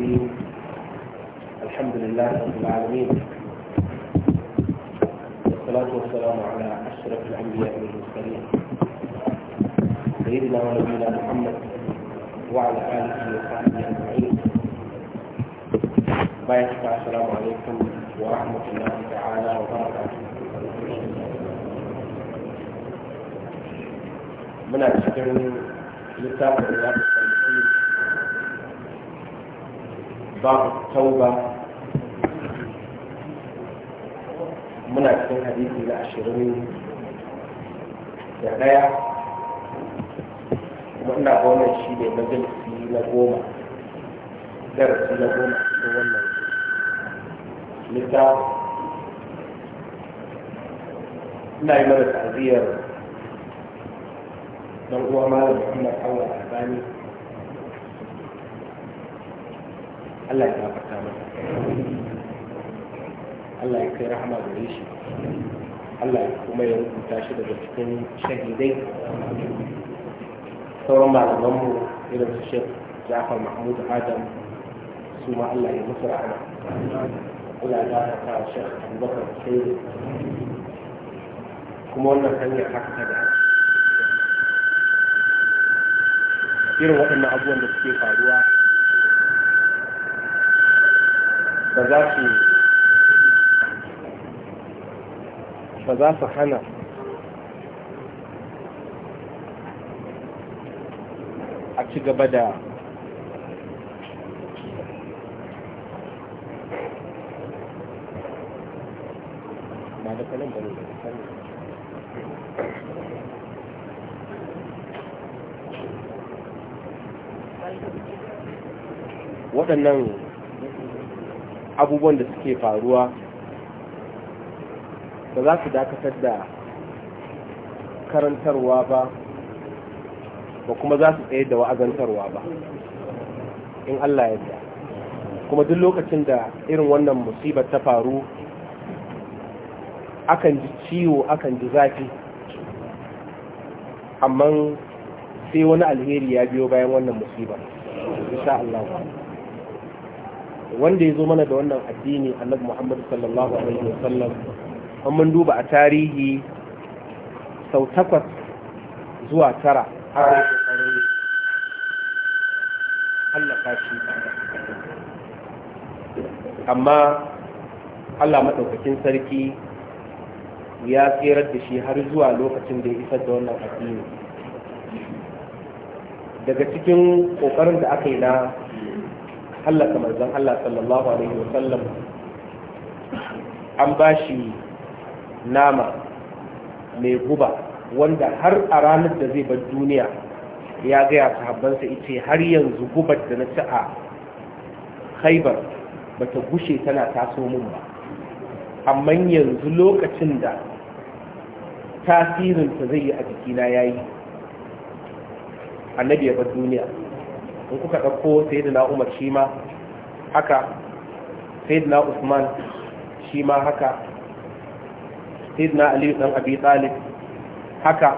الرحيم الحمد لله رب العالمين والصلاة والسلام على أشرف الأنبياء والمرسلين سيدنا ونبينا محمد وعلى آله وصحبه أجمعين بايعك السلام عليكم ورحمة الله تعالى وبركاته من cikin littafin da باب التوبة من أكثر حديث إلى عشرين دقايا وإن أقول الشيء في لقومة درس لقومة ولا لذا نعمل تعزير من هو malam Muhammad Awal Albani Allah ya gafarta masa Allah ya kai rahama gare shi Allah ya kuma ya rubuta shi daga cikin shahidai sauran malamanmu irin su Sheikh Jafar Mahmud Adam su ma Allah ya musu rahama Allah ya gafarta Sheikh Abubakar Shehu kuma wannan hanyar haka ta da irin waɗannan abubuwan da suke faruwa ba za su hana a ci gaba da waɗannan abubuwan da suke faruwa ba za su dakatar da karantarwa ba ba kuma za su tsaye da wa'azantarwa ba in Allah ya da kuma duk lokacin da irin wannan musibar ta faru akan ji ciwo akan ji zafi amma sai wani alheri ya biyo bayan wannan musibar insha Allah wanda ya zo mana da wannan addini annabi muhammadu sallallahu alaihi wasallam an mun duba a tarihi sau takwas zuwa tara har yake tsarin hallaka shi amma allah maɗaukakin sarki ya tserar da shi har zuwa lokacin da ya isar da wannan addini daga cikin ƙoƙarin da aka yi na Allah manzon Allah sallallahu alaihi wa sallam an bashi nama mai guba wanda har a ranar da zai bar duniya ya gaya sahabbansa ita har yanzu gubar da na ci a haibar bata ta gushe tana taso mun ba amma yanzu lokacin da tasirinta zai yi a jikina ya yi annabi ya bar duniya in kuka ɗauko da umar shi ma haka da usman shi ma haka da aliyu ɗan abi talib haka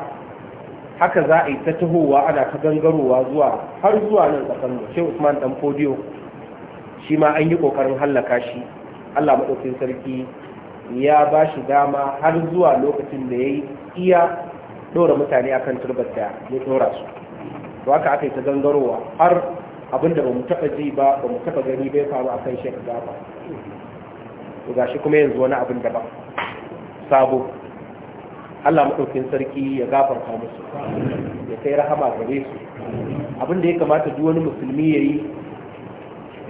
haka za a yi ta tuhowa ana ta gangarowa zuwa har zuwa nan ƙasar da shi usman ɗan fodiyo shi ma an yi ƙoƙarin hallaka shi allah maɗaukin sarki ya ba shi dama har zuwa lokacin da ya yi iya ɗora mutane akan turbar da ya ɗora su to haka aka yi ta zangarowa har abinda ba mu taɓa ji ba ba mu taɓa gani bai faru a kan shek gaba? to gashi kuma yanzu wani abin da ba sabo Allah maɗaukin sarki ya gafarta musu ya kai rahama gare su abin da ya kamata duk wani musulmi ya yi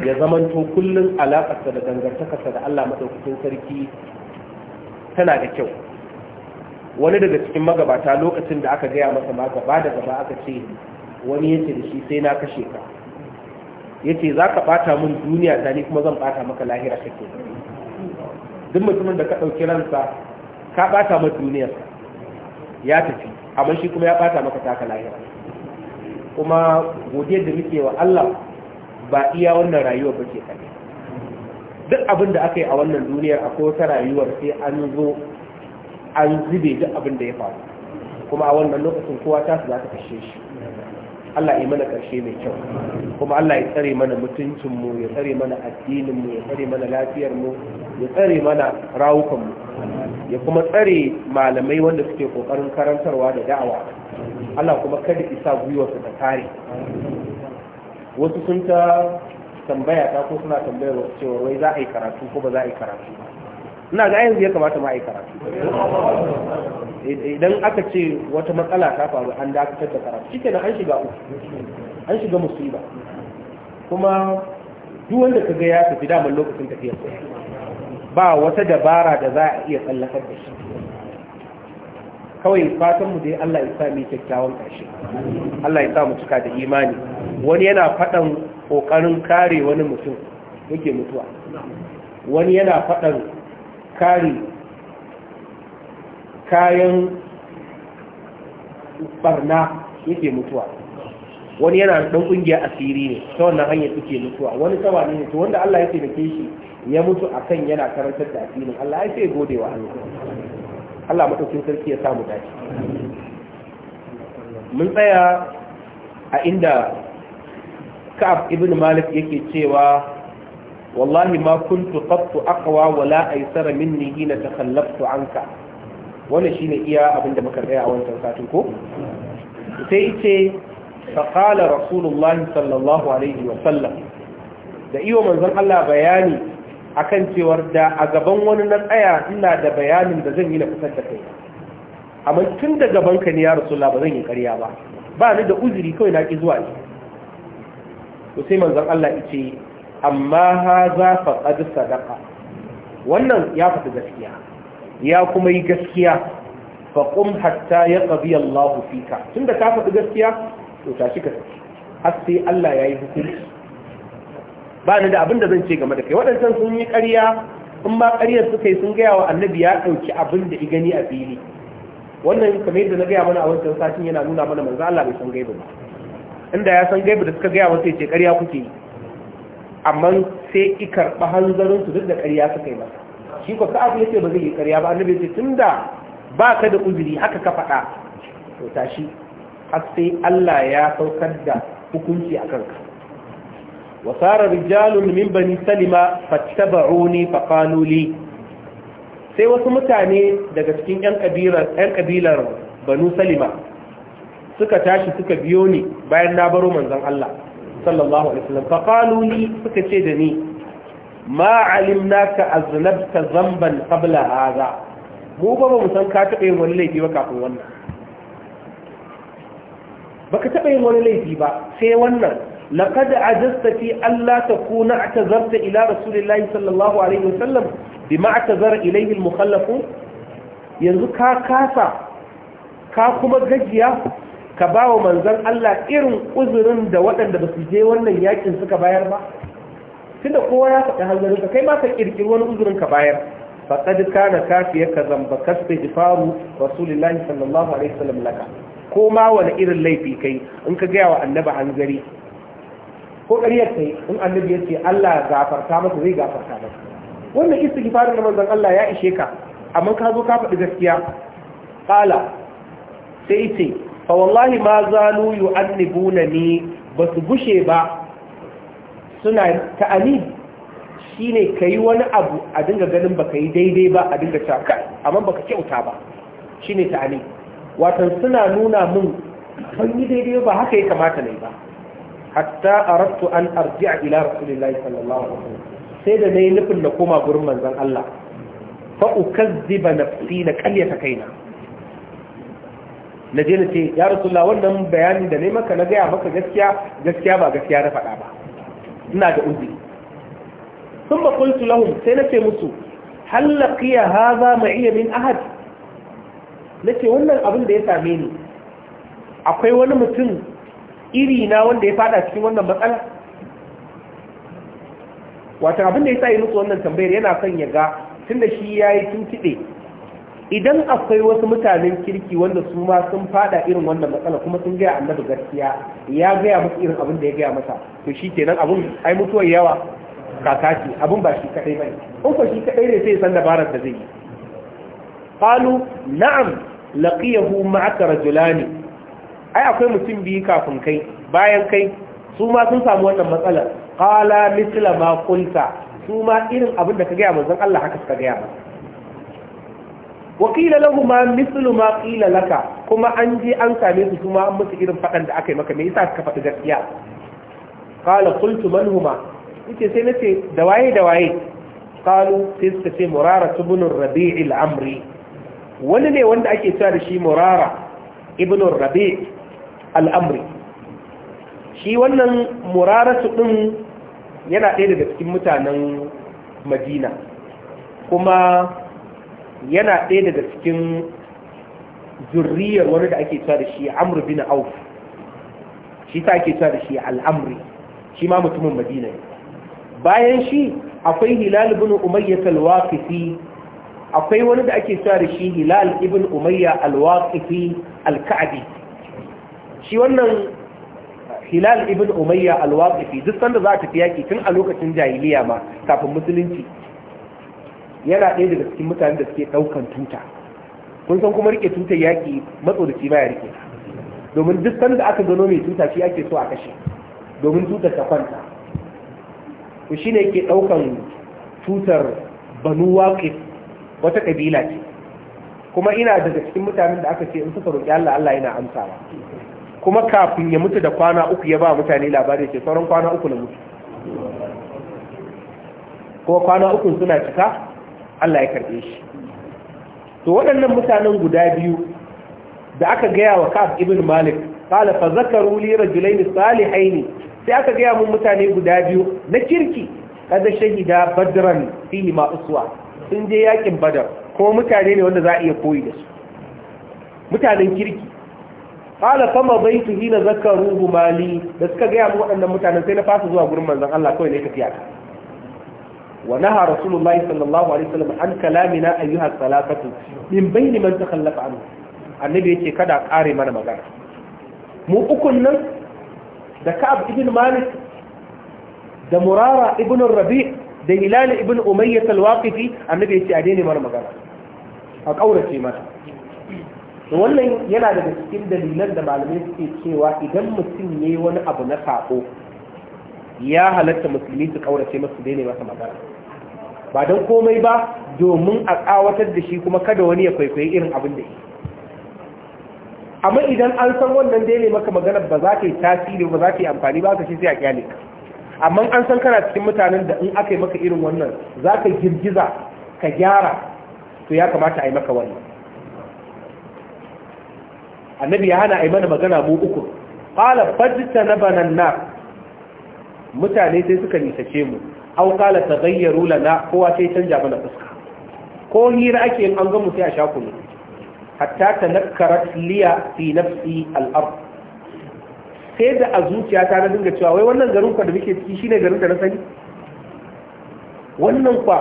ya zamanto kullum alaƙarsa da dangantakarsa da Allah madaukin sarki tana da kyau wani daga cikin magabata lokacin da aka gaya masa ma gaba da gaba aka ce wani yace da shi sai na kashe ka yace za ka bata min duniya ta ni kuma zan bata maka lahira kake duk mutumin da ka ɗauki ransa ka bata maka duniya ya tafi amma shi kuma ya bata maka taka lahira kuma godiyar da muke wa Allah ba iya wannan rayuwar ba ce kaɗai duk abin da aka yi a wannan duniyar akwai wata rayuwar sai an zo an zube duk abin da ya faru kuma a wannan lokacin kowa ta su za ta kashe shi Allah ya mana karshe mai kyau kuma Allah ya tsare mana mutuncinmu ya tsare mana addininmu ya tsare mana lafiyarmu ya tsare mana rawukanmu ya kuma tsare malamai wanda suke kokarin karantarwa da da'awa Allah kuma kada isa gwiwa su ta kare wasu sun ta tambaya ta ko suna tambayar wasu cewa wai za a yi karatu ko ba za a yi karatu ina ga yanzu ya kamata ma a karatu idan aka ce wata matsala ta faru an dakatar da karatu shi kenan an shiga uku an shiga musulma, kuma duk wanda ka ga ya tafi damar lokacin tafiyar ba wata dabara da za a iya tsallakar da shi kawai fatan mu dai Allah ya sa mu kyakkyawan ƙarshe Allah ya sa mu cika da imani wani yana faɗan ƙoƙarin kare wani mutum yake mutuwa wani yana faɗan kari kayan barna yake mutuwa wani yana ɗan ƙungiya asiri ne ta wannan hanyar suke mutuwa wani tawa ne to wanda Allah ya taimake shi ya mutu a kan yana karantar da addinin Allah ya sai gode wa Allah Allah matakin sarki ya samu dace mun tsaya a inda Ka'ab ibn Malik yake cewa wallahi ma kuntu qattu aqwa wala aysara minni hina takhallaftu anka wannan shine iya abinda muka tsaya a wancan satin ko sai ce faqala rasulullah sallallahu alaihi wa sallam da iyo manzon Allah bayani akan cewar da a gaban wani na tsaya ina da bayanin da zan yi na fitar da kai amma tun da gaban ka ne ya rasulullah ba zan yi ƙarya ba ba ni da uzuri kawai na ki zuwa ne sai manzon Allah ya ce amma fa faqad sadaka. wannan ya faɗi gaskiya ya kuma yi gaskiya faqum hatta ƙabi Allah fika tunda ka faɗi gaskiya to tashi ka tafi har sai Allah yi hukunci ba ni da abin da zan ce game da kai waɗancan sun yi ƙarya in ba ƙaryar suka yi sun gaya wa annabi ya ɗauki abin da gani a fili wannan kamar yadda na gaya mana a wancan satin yana nuna mana manzo Allah bai san gaibu ba inda ya san gaibu da suka gaya wa sai ce ƙarya kuke yi amma sai i karɓi hanzarinsu duk da ƙarya suka yi masa shi ko ka'ab ya ce ba zai yi ƙarya ba annabi ce tun da ba ka da uzuri haka ka faɗa to tashi har sai Allah ya saukar da hukunci a kanka wa sara rijalun min bani salima fattaba'uni faqalu li sai wasu mutane daga cikin ƴan kabilar ƴan kabilar banu salima suka tashi suka biyo ni bayan na baro manzon Allah sallallahu alaihi wasallam fa qalu li suka ce da ni ma alimnaka aznabta zamban qabla hadha mu ba mu san ka taɓa yin wani laifi ba kafin wannan baka taɓa yin wani laifi ba sai wannan laqad ajasta fi alla takuna atazarta ila rasulillahi sallallahu alaihi wasallam bima atazara ilayhi al-mukhallafun yanzu ka kasa ka kuma gajiya ka ba wa manzan Allah irin uzurin da waɗanda ba su je wannan yakin suka bayar ba tunda kowa ya faɗi hanzarin ka kai ma ka kirkiri wani uzurin ka bayar na kana kafiyar ka zamba kasbe faru rasulullahi sallallahu alaihi wasallam laka ko ma wani irin laifi kai in ka gaya wa annabi hanzari ko ƙaryar kai in annabi ya ce Allah gafarta masa zai gafarta masa wannan istighfarin da manzon Allah ya ishe ka amma ka zo ka faɗi gaskiya qala sai ce fa wallahi ma zalu yu'annibuna ni ba su gushe ba suna ta'ani shine kai wani abu a dinga ganin baka yi daidai ba a dinga caka amma baka kyauta ba shine ta'ani watan suna nuna mun ban yi daidai ba haka ya kamata ne ba hatta arattu an arji'a ila rasulillahi sallallahu alaihi wasallam sai da nayi nufin na koma gurin manzon Allah fa ukazziba nafsi na kalyata kaina na je na ce ya rasulullah wannan bayanin da ne maka na gaya maka gaskiya gaskiya ba gaskiya na faɗa ba ina da uzuri sun ba kultu lahun sai na ce musu za hadha iya min ahad Na ce wannan abin da ya same ni akwai wani mutum iri na wanda ya faɗa cikin wannan matsala wata abin da ya sa yi musu wannan tambayar yana son ya ga tun da shi ya yi tuntuɓe idan akwai wasu mutanen kirki wanda su ma sun fada irin wannan matsala kuma sun gaya annabi gaskiya ya gaya musu irin abin da ya gaya masa to shi kenan abin ai mutuwar yawa kaka ce abin ba shi kadai bane in ko shi kadai ne sai san dabarar da zai yi qalu na'am laqiyahu ma'aka rajulani ai akwai mutum biyu kafin kai bayan kai su ma sun samu wannan matsalar qala mithla ma qulta su ma irin abin da ka gaya manzon Allah haka suka gaya masa wakila lahu ma mislu ma qila laka kuma an je an same su kuma an musu irin fadan da aka yi maka me yasa ka faɗi gaskiya qala qultu man huma yace sai nace da waye da waye qalu sai suka murara ibn rabi' al-amri wani ne wanda ake cewa da shi murara ibn rabi' al-amri shi wannan muraratu din yana ɗaya daga cikin mutanen madina kuma yana ɗaya daga cikin zurriyar wani da ake cewa da shi amr bin auf shi ta ake cewa da shi al'amri shi ma mutumin madina ne bayan shi akwai hilal ibn umayya al-waqifi akwai wani da ake cewa da shi hilal ibn umayya al-waqifi al-ka'bi shi wannan hilal ibn umayya al-waqifi duk sanda za ta fi yaki tun a lokacin jahiliya ma kafin musulunci yana ɗaya daga cikin mutanen da suke ɗaukan tuta kun san kuma rike tutar yaƙi matso da ba ya rike domin duk sanda aka gano mai tuta shi ake so a kashe domin tutar ta kwanta ku shine yake ɗaukan tutar banu waƙif wata ƙabila ce kuma ina daga cikin mutanen da aka ce in suka roƙi Allah Allah yana amsawa kuma kafin ya mutu da kwana uku ya ba mutane labari ce sauran kwana uku na mutu ko kwana uku suna cika Allah ya karɓe shi to waɗannan mutanen guda biyu da aka gaya wa Ka'ab ibn Malik kala fa zakaru li rajulain salihain sai aka gaya mun mutane guda biyu na kirki kada shahida badran fihi ma uswa sun je yakin badar ko mutane ne wanda za a iya koyi da su mutanen kirki kala fa ma baitu hina zakaru mali da suka gaya mun waɗannan mutanen sai na fasa zuwa gurin manzon Allah kawai ne tafiya ونهى رسول الله صلى الله عليه وسلم عن كلامنا أيها الثلاثة من بين من تخلف عنه النبي kare كدا قاري Mu مغانا مو أكن دا كعب ابن مالك دا مرارة ابن الربيع دا هلال ابن أمية الواقفي النبي يتي mana magana مغانا أقورة mata. مانا wannan yana daga cikin dalilan da malamai suke cewa idan mutum ne wani abu na sako ya halatta musulmi su kaurace masu daina masa magana ba don komai ba domin a ƙawatar da shi kuma kada wani ya kwaikwayi irin abin da yi amma idan an san wannan dai ne maka magana ba za ka yi tasiri ba za ka yi amfani ba ka shi sai a kyale ka amma an san kana cikin mutanen da in aka yi maka irin wannan za ka girgiza ka gyara to ya kamata a yi maka wannan annabi ya hana a yi mana magana mu uku qala na banan mutane sai suka nisace mu aw qala taghayyaru lana kowa sai canja mana fuska ko hira ake an ga mutai a shaku ne hatta tanakkarat liya fi nafsi al-ard sai da a ta na dinga cewa wai wannan garin ka da muke ciki shine garin da na sani wannan kwa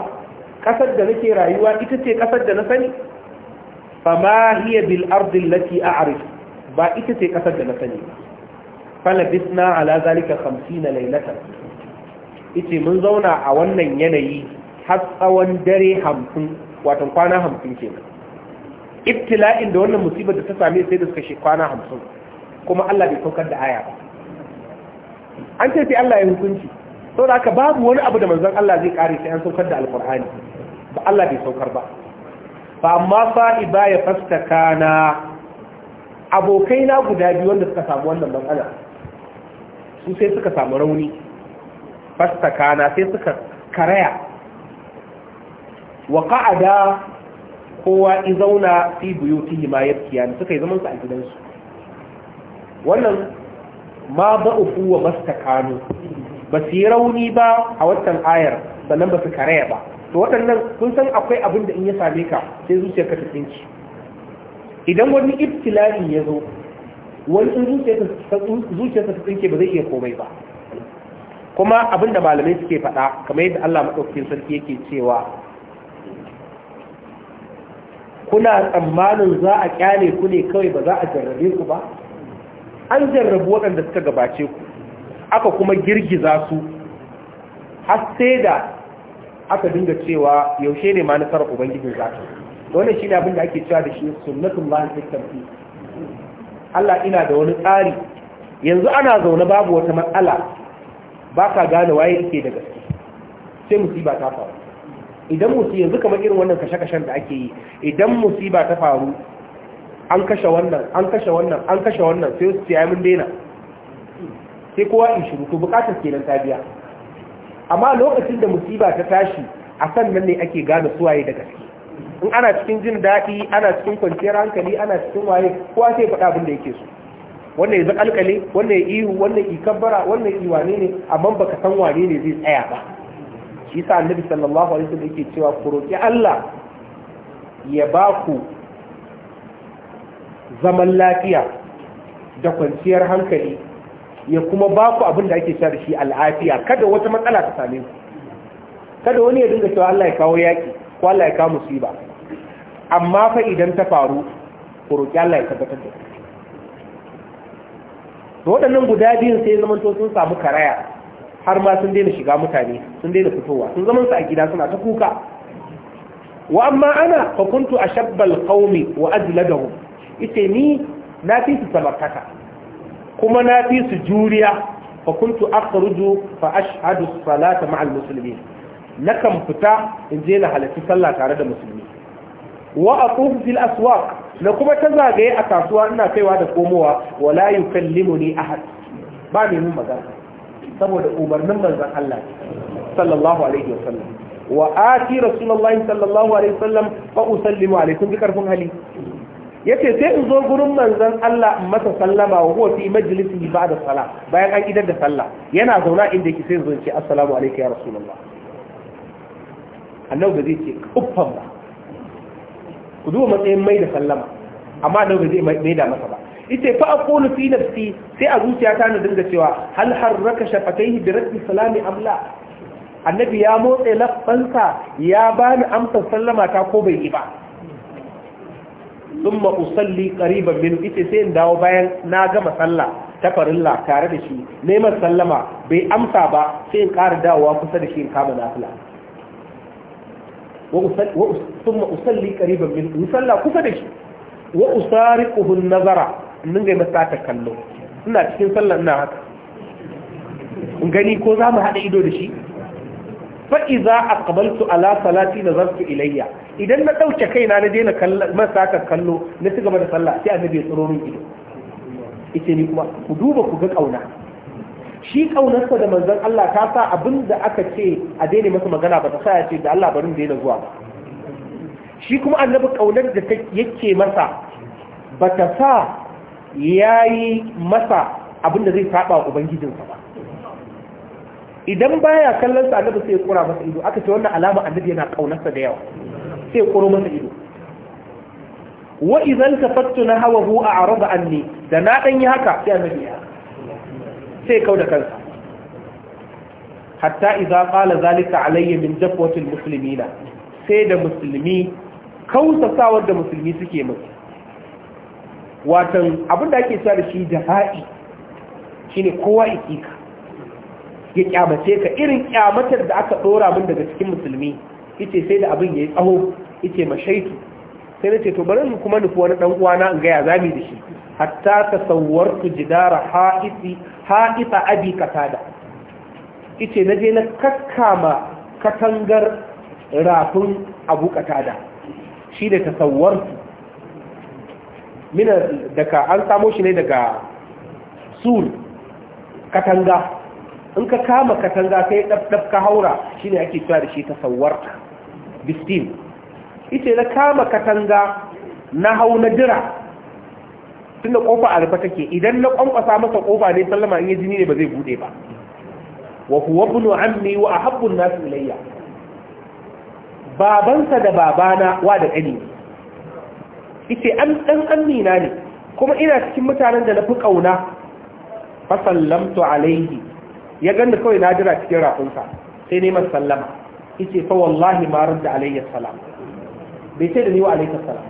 kasar da nake rayuwa ita ce kasar da na sani ma hiya bil ard allati a'rif ba ita ce kasar da na sani ba fala ala zalika 50 laylatan ita mun zauna a wannan yanayi har tsawon dare hamsin watan kwana hamsin kenan ibtila'in da wannan musibar da ta same sai da suka shi kwana hamsin kuma Allah bai saukar da aya ba an ce sai Allah ya hukunci da aka babu wani abu da manzon Allah zai kare sai an saukar da alqur'ani ba Allah bai saukar ba fa amma sa'iba ya fastakana abokaina guda biyu wanda suka samu wannan matsala su sai suka samu rauni fastakana sai suka karaya wa qa'ada kowa izauna fi buyutihi ma yabkiyan suka yi zaman su a gidansu wannan ma ba ufu wa mastakanu ba su yi rauni ba a watan ayar sannan ba su karaya ba to waɗannan kun san akwai abin da in ya same ka sai zuciyarka ta tsinci idan wani ibtilali ya zo wani in zuciyarsa ta tsinke ba zai iya komai ba kuma abinda malamai suke faɗa kamar yadda Allah maɗaukakin sarki yake cewa kuna tsammanin za a kyale ku ne kawai ba za a jarrabe ku ba an jarrabu waɗanda suka gabace ku aka kuma girgiza su har sai da aka dinga cewa yaushe ne ma nasarar ubangijin za ta wannan shine abin da ake cewa da shi sunnatullahi fi tafi Allah ina da wani tsari yanzu ana zaune babu wata matsala ba ka gane waye yake da gaske sai musiba ta faru idan musiba yanzu kamar irin wannan kashe-kashen da ake yi idan musiba ta faru an kashe wannan an kashe wannan an kashe wannan sai su ya mun daina sai kowa in shiru to bukatar kenan ta biya amma lokacin da musiba ta tashi a sannan ne ake gane suwaye da gaske in ana cikin jin daɗi ana cikin kwanciyar hankali ana cikin waye kowa sai faɗa abin da yake so wannan ya zakalkale wannan ya ihu wannan ya kabbara wannan ya wane ne amma baka san wane ne zai tsaya ba shi yasa annabi sallallahu alaihi wasallam yake cewa ku roki Allah ya ba ku zaman lafiya da kwanciyar hankali ya kuma ba ku abin da ake sha da shi al'afiya kada wata matsala ta same ku kada wani ya dinga cewa Allah ya kawo yaki ko Allah ya kawo musiba amma fa idan ta faru ku roki Allah ya tabbatar da ku to waɗannan guda biyun sai zaman to sun samu karaya har ma sun daina shiga mutane sun daina fitowa sun zaman su a gida suna ta kuka wa amma ana fa kuntu ashabbal qaumi wa ajladahum ite ni na fi su samartaka kuma na fi su juriya fa kuntu akhruju fa ashhadu salata ma'al muslimin nakan fita in je na halarci sallah tare da musulmi wa aqufu fil aswaq na kuma ta zagaye a kasuwa ina kaiwa da komowa wa wala a ahad ba mai mun magana saboda umarnin manzan Allah sallallahu alaihi wasallam wa ati rasulullahi sallallahu alaihi wasallam fa usallimu alaikum bi karfin hali yace sai in zo gurin manzan Allah in masa sallama wa huwa fi majlisi ba'da salat bayan an idar da sallah yana zauna inda yake sai in zo in ce assalamu alayka ya rasulullah annabi zai ce uffan ba ku duba matsayin mai da sallama amma da ba zai mai da masa ba ita fa aqulu fi nafsi sai a zuciya ta na dinga cewa hal harraka shafataihi bi raddi salami amla annabi ya motsa lafansa ya bani amsar sallama ta ko bai yi ba thumma usalli qariban min ita sai in dawo bayan na gama sallah ta farilla tare da shi neman sallama bai amsa ba sai in ƙara dawowa kusa da shi in kama nafila ثم أصلي قريبا منه يصلى كفدش وأسارقه النظر من غير مساعة كله ina cikin sallar ina haka gani ko za mu haɗa ido da shi fa'iza a ƙabaltu ala salati na zartu ilayya idan na ɗauke kaina na daina masaka kallo na ci gaba da sallah sai annabi ya tsoro min ido ita ni kuma ku duba ku ga ƙauna shi kaunarsa da manzon Allah ta sa abin da aka ce a daina masa magana ba ta sa ya ce da Allah barin daina zuwa ba shi kuma annabi kaunar da yake masa ba ta sa ya yi masa abin da zai saba wa ubangijinsa ba idan baya kallon sa annabi sai ya kura masa ido aka ce wannan alama annabi yana kaunarsa da yawa sai ya kuro masa ido wa idan tafattu na hu a araba anni da na dan yi haka sai annabi ya sai kau da kansa hatta idza qala zalika alayya min jafwatil muslimina sai da musulmi sawar da musulmi suke musu watan abinda ake sa da shi jafa'i shine kowa ka? ya kyamace ka irin kyamatar da aka dora min daga cikin musulmi yace sai da abin yayi tsaho yace mashaitu sai nace to bari mu kuma nufi wani dan uwana in ga ya zami da shi hatta tasawwartu jidara ha'iti haɗifa abi katada ita na je na kakkama katangar rafin abu katada shi da tasawwarsu mina daga an samo shi ne daga sul katanga in ka kama katanga yi ɗaf ka haura shi ne ake cewa da shi tasawwarka bistin ita na kama katanga na hau na jira tunda kofa a rufe take idan na kwankwasa masa kofa ne sallama in yi jini ne ba zai bude ba wa huwa ibn ammi wa ahabbu an-nas ilayya babansa da babana wa da kani ite an dan amina ne kuma ina cikin mutanen da na fi kauna fa sallamtu alayhi ya ganda kawai na jira cikin rafunsa sai ne masa sallama yace fa wallahi ma radda alayhi salam bai sai da ni wa alayhi salam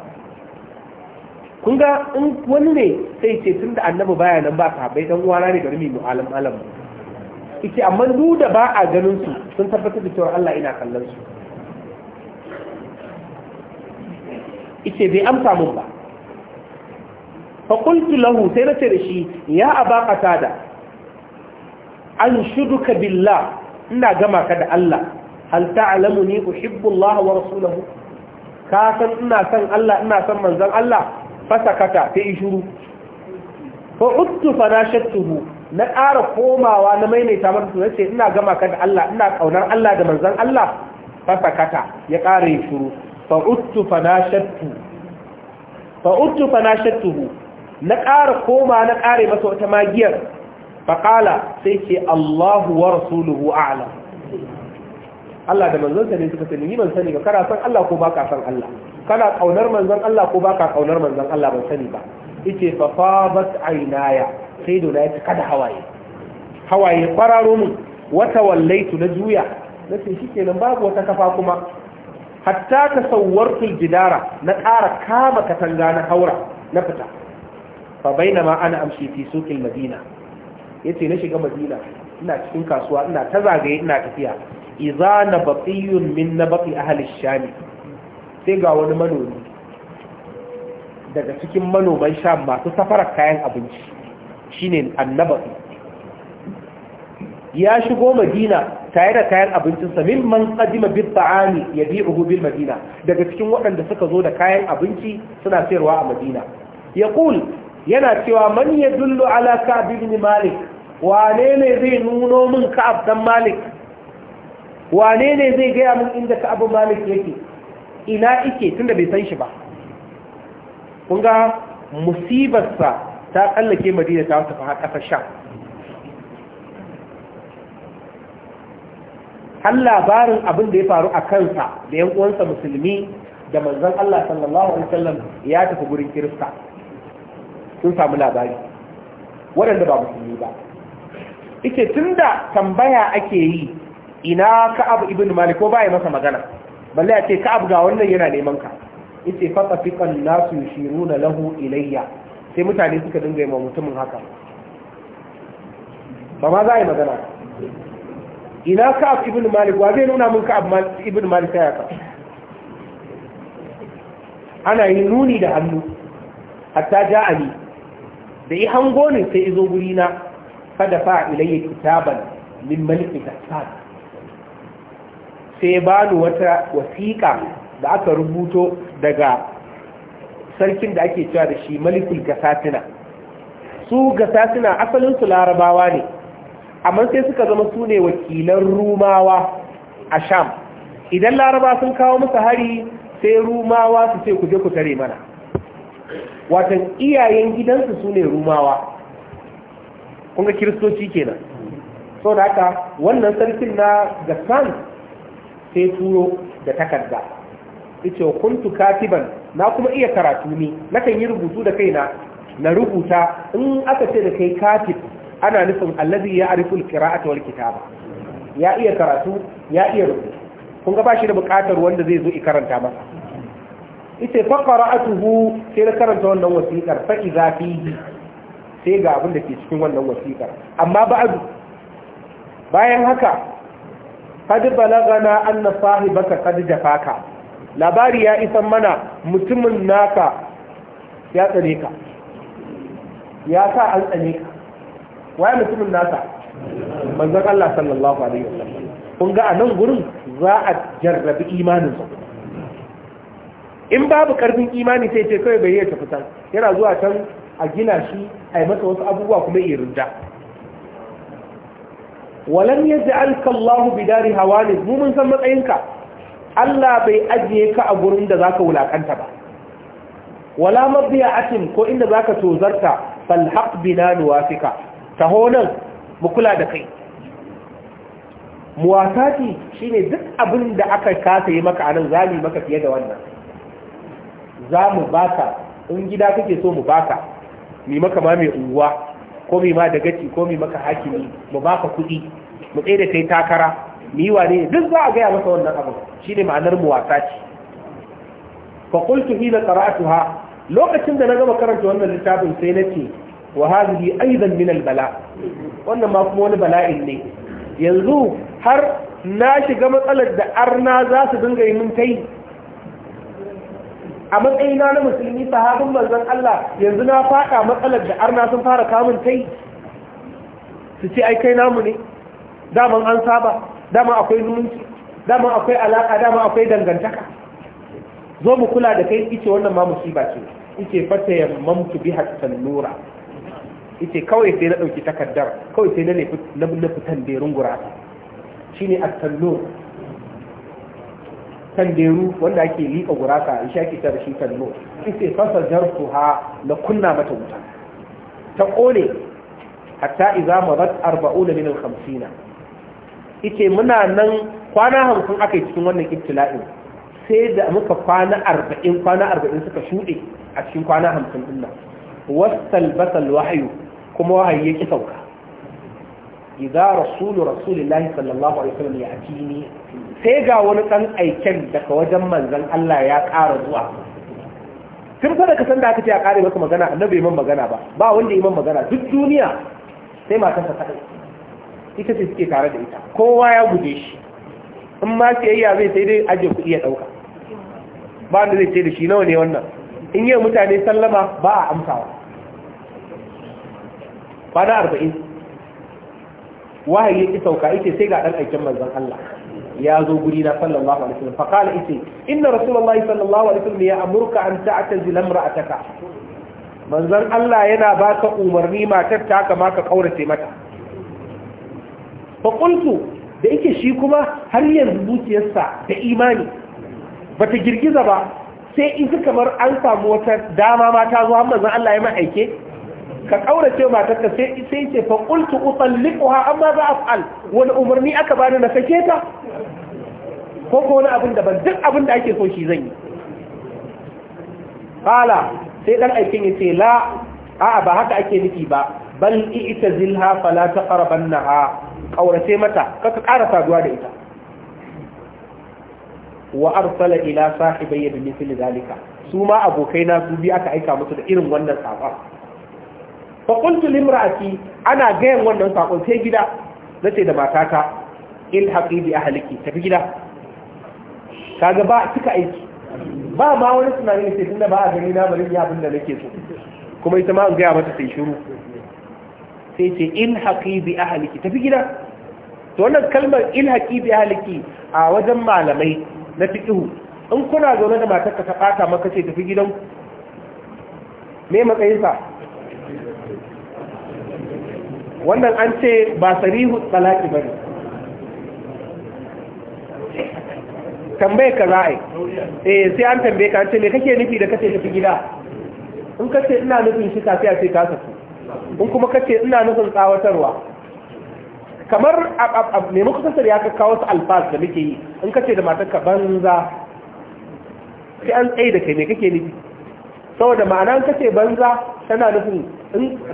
kun ga in wani ne sai ce tun da annabi baya nan ba sahabbai dan uwana ne da mu alam alam yace amma du da ba a ganin su sun tabbatar da cewa Allah ina kallon su yace bai amsa mun ba fa qultu lahu sai na ce da shi ya aba qatada an shuduka billah ina gama ka da Allah hal ta'lamuni uhibbu Allah wa rasuluhu ka san ina san Allah ina san manzon Allah fasakata sai yi shuru fa uttu fa na shattuhu na ƙara komawa na maimaita masa su ce ina gama ka da Allah ina ƙaunar Allah da manzon Allah fasakata ya ƙara yi shuru fa uttu fa na fa uttu fa shattuhu na ƙara koma na ƙare masa wata magiyar fa qala sai ce Allahu wa rasuluhu a'lam Allah da manzonsa ne suka sani ni ban sani ba kana san Allah ko baka san Allah kana kaunar manzon Allah ko baka kaunar manzon Allah ban sani ba yace fa fabat aynaya sai da na cika da hawaye hawaye kwararo mu wata wallaitu na juya nace shikenan babu wata kafa kuma hatta sawwartu aljidara na ƙara kama katanga na haura na fita fa bainama ana amshi fi suqil madina yace na shiga madina ina cikin kasuwa ina ta zagaye ina tafiya iza na baƙiyun min na baƙi ahalin shami sai ga wani manomi daga cikin manoman sham masu safarar kayan abinci shine annabaƙi ya shigo madina tare da kayan abincinsa min man qadima bil ta'ami yabi'uhu bil madina daga cikin waɗanda suka zo da kayan abinci suna sayarwa a madina yaqul yana cewa man dullo ala ka'b ibn malik wane ne zai nuno min ka'ab dan malik wane ne zai gaya min inda ka abu malik yake ina ike tunda bai san shi ba kun ga musibarsa ta tsallake madina ta tafi har ƙasar sha har labarin abin da ya faru a kansa da yan uwansa musulmi da manzan Allah sallallahu alaihi wasallam ya tafi gurin kirista sun samu labari waɗanda ba musulmi ba ike tunda tambaya ake yi ina ka'ab ibn malik ko baya masa magana balle ya ce ka'ab ga wannan yana neman ka yace fa tafiqan nasu yushiruna lahu ilayya sai mutane suka dinga yi ma mutumin haka ba ma za a yi magana ina ka'ab ibn malik wa zai nuna mun ka'ab ibn malik ya ka ana yin nuni da hannu hatta ja ali da yi hango ne sai izo guri na kada fa ilayya kitaban min malik sai ba ni wata wasiƙa da aka rubuto daga sarkin da ake cewa da shi malikul gasatina su gasatina asalinsu larabawa ne amma sai suka zama su ne wakilan rumawa a sham idan laraba sun kawo masa hari sai rumawa su ce ku je ku tare mana watan iyayen gidansu su ne rumawa kunga kiristoci kenan sau da haka wannan sarkin na gasan sai turo da takarda yace kuntu katiban na kuma iya karatu ni nakan yi rubutu da kaina na rubuta in aka ce da kai katib ana nufin allazi ya arifu alqira'ata wal kitaba ya iya karatu ya iya rubutu kun ga bashi da bukatar wanda zai zo i karanta masa ita fa tuhu sai na karanta wannan wasiƙar fa zafi. fihi sai ga abin da ke cikin wannan wasiƙar amma ba'du bayan haka kad balagana anna sahibaka kadi jafaka labari ya isan mana mutumin naka ya tsare ka ya sa an tsare ka waye mutumin naka manzon Allah sallallahu alaihi wasallam kun ga anan gurin za a jarrabi imanin sa in babu karfin imani sai ce kawai bai yi tafi can yana zuwa can a gina shi a yi masa wasu abubuwa kuma irin da walam yaj'alka Allahu bidari hawa mu mun san matsayinka Allah bai ajiye ka a gurin da zaka wulakanta ba wala mabiyatin ko inda zaka tozarta fal haq bina nuwafika nan, mu kula da kai muwasati shine duk abin da aka kasa yi maka anan zali maka fiye da wannan za mu baka in gida kake so mu baka mi maka ma mai unguwa ko ma da gaci ko mai maka hakimi mu baka kuɗi mu tsaye da kai takara mu yi wane duk za a gaya masa wannan abu shi ne ma'anar mu wasa ce fa qultu hina qara'atuha lokacin da na gama karanta wannan littafin sai na ce wa hadhihi aidan min bala wannan ma kuma wani bala'in ne yanzu har na shiga matsalar da arna za su dinga yi min kai a matsayina na musulmi sahabin manzon Allah yanzu na faɗa matsalar da arna sun fara kamun yi. su ce ai kai namu ne daman an saba daman akwai zumunci daman akwai alaƙa daman akwai dangantaka zo mu kula da kai ice wannan ma musiba ce ice fata ya Mamtu bi hatsan nura ice kawai sai na ɗauki takardar, kawai sai na ne na fitan shine at tanderu wanda ake liƙa gurasa a sha ta da shi kallo ita fasa jarfu ha na kunna mata wuta ta ƙone hatta iza mabat arba'u da minin hamsina ita muna nan kwana hamsin aka yi cikin wannan ibtila'in sai da muka kwana arba'in kwana arba'in suka shuɗe a cikin kwana hamsin ɗin nan wasu talbatal wahayu kuma wahayi ya ƙi sauka idza rasulu rasulillahi sallallahu alaihi wasallam ya ni. sai ga wani dan aiken daga wajen manzon Allah ya ƙara zuwa Kin fa ka san da aka ce a ƙare maka magana annabi imam magana ba ba wanda imam magana duk duniya sai matarsa kadai ita ce suke tare da ita kowa ya guje shi in ma siyayya zai sai dai aje kuɗi ya ɗauka ba da zai ce da shi nawa ne wannan in yi mutane sallama ba a amsawa kwana arba'in wahayi yake sauka yake sai ga dan aikin manzon Allah ya zo guri na sallallahu alaihi wasallam fa qala inna rasulullahi sallallahu alaihi wasallam ya amurka an ta'tazil imra'ataka manzon Allah yana baka umarni matar ta kama ka kaurace mata fa qultu da yake shi kuma har yanzu zuciyarsa da imani bata girgiza ba sai in kamar an samu wata dama ma ta zo har manzon Allah ya mai aike ka kaurace matarka sai sai ce fa qultu utalliquha amma ba af'al wani umarni aka bani na sake ta ko ko wani abin ban duk abin da ake so shi zan yi Fala sai dan aikin yace la a'a ba haka ake nufi ba bal i'tazilha fala taqrabannaha kaurace mata kaka ƙara saduwa da ita wa arsala ila sahibayya bi mithli zalika su ma abokai na su bi aka aika musu da irin wannan safa fa qultu limra'ati ana gayan wannan sakon sai gida nace da matata in haqi bi ahliki tafi gida kaga ba kika aiki ba ma wani tunani sai tunda ba a gani na bari ya abinda nake so kuma ita ma an gaya mata sai shiru sai ce in haqi bi ahliki tafi gida to wannan kalmar in haqi bi ahliki a wajen malamai na fiqhu in kuna zaune da matarka ta ɓata maka ce tafi gidan me matsayin sa wannan an ce ba sarihu talaki ba ne tambaye ka za'ai eh sai an tambaye ka an ce me kake nufi da kace tafi gida in kace ina nufin shi kafi a ce ka saku in kuma kace ina nufin tsawatarwa kamar me muka kasar ya kawo su alfas da muke yi in kace da ka banza sai an tsaye da kai me kake nufi saboda ma'ana in kace banza tana nufin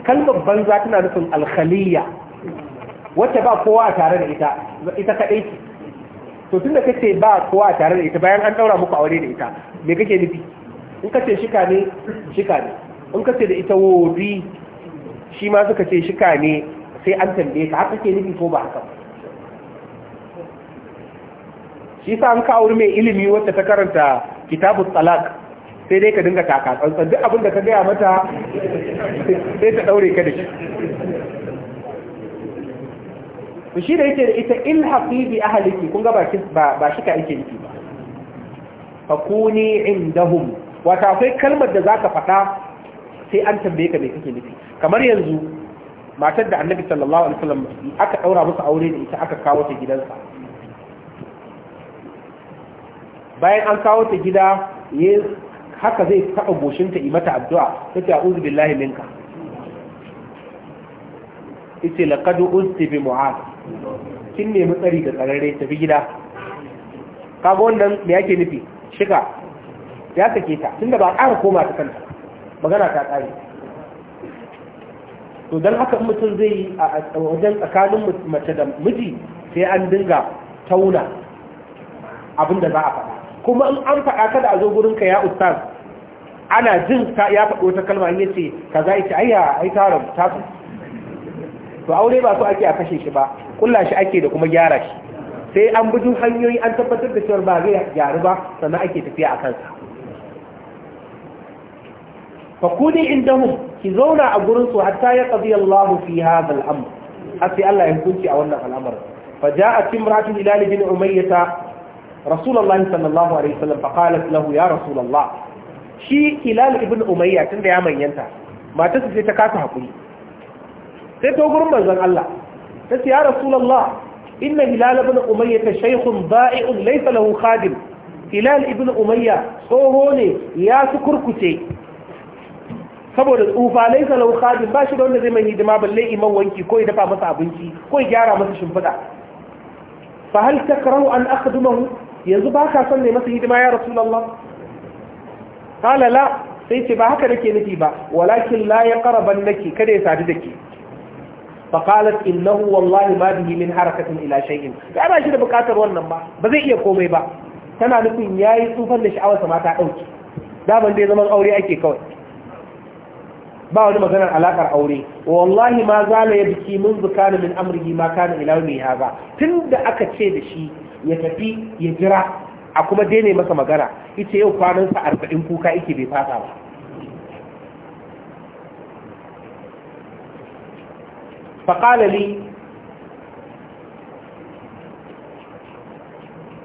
kalmar banza tana nufin alkhaliya wacce ba kowa a tare da ita ita kadai ce to tunda kace ba kowa a tare da ita bayan an daura muku aure da ita me kake nufi in kace shika ne shika ne in kace da ita wodi shi ma suka ce shika ne sai an tambaye ka haka ke nufi ko ba haka shi sa an ka aure mai ilimi wacce ta karanta kitabu talaq sai dai ka dinga taka tsantsan duk abin da ka gaya mata sai ta daure ka da shi to shi da yake da ita ilhaqi bi ahliki kun ga ba shi ka yake yi ba kuni indahum wata akwai kalmar da zaka faɗa sai an tambaye ka me kake nufi kamar yanzu matar da annabi sallallahu alaihi wasallam aka daura musu aure da ita aka kawo ta gidansa bayan an kawo ta gida haka zai taɓa goshinta yi mata addu'a ta ce a'udhu billahi minka ita uzu ta bi mu'az kin nemi tsari da tsararre tafi gida kaga wannan me yake nufi shiga ya sake ta tunda ba ƙara koma ta kanta magana ta ƙare to don haka mutum zai yi a wajen tsakanin mace da miji sai an dinga tauna abin da za a faɗa kuma in an faɗa kada a zo gurinka ya ustaz ana jin ta ya faɗo ta kalma ce yace za yace ayya ai taram ta to aure ba su ake a kashe shi ba kulla shi ake da kuma gyara shi sai an bi hanyoyi an tabbatar da cewa ba zai gyaru ba sannan ake tafiya a kansa fa inda indahum ki zauna a gurin su hatta ya qadi Allahu fi hadha al-amr sai Allah ya hukunci a wannan al'amarin fa ja'at imratu ila bin umayyah rasulullahi sallallahu alaihi wasallam fa qalat lahu ya rasulullah shi hilal ibn umayya tunda ya manyanta matarsa sai ta kasa hakuri sai ta gurin manzon Allah ta ce ya rasulullah inna hilal ibn umayya ta shaykhun ba'i'un laysa lahu khadim hilal ibn umayya tsoho ne ya su kurkuce saboda tsufa laysa lahu khadim ba shi da wanda zai mai hidima balle iman wanki ko ya dafa masa abinci ko ya gyara masa shimfiɗa fa hal takrahu an akhdumahu yanzu ba ka son ne masa hidima ya rasulullah halala sai ce ba haka nake nufi ba walakin la yaqraban nake, kada ya sadu dake fa qalat innahu wallahi ma bihi min harakatin ila shay'in ba ba shi da bukatar wannan ba ba zai iya komai ba tana nufin yayi tsufan da sa ma ta Da ban dai zaman aure ake kawai ba wani maganar alakar aure wallahi ma zala ya biki mun zukana min amrihi ma kana ila yawmi hadha tunda aka ce da shi ya tafi ya jira a kuma daina masa magana ita yau kwanansa arba'in kuka ike bai fata ba faƙalali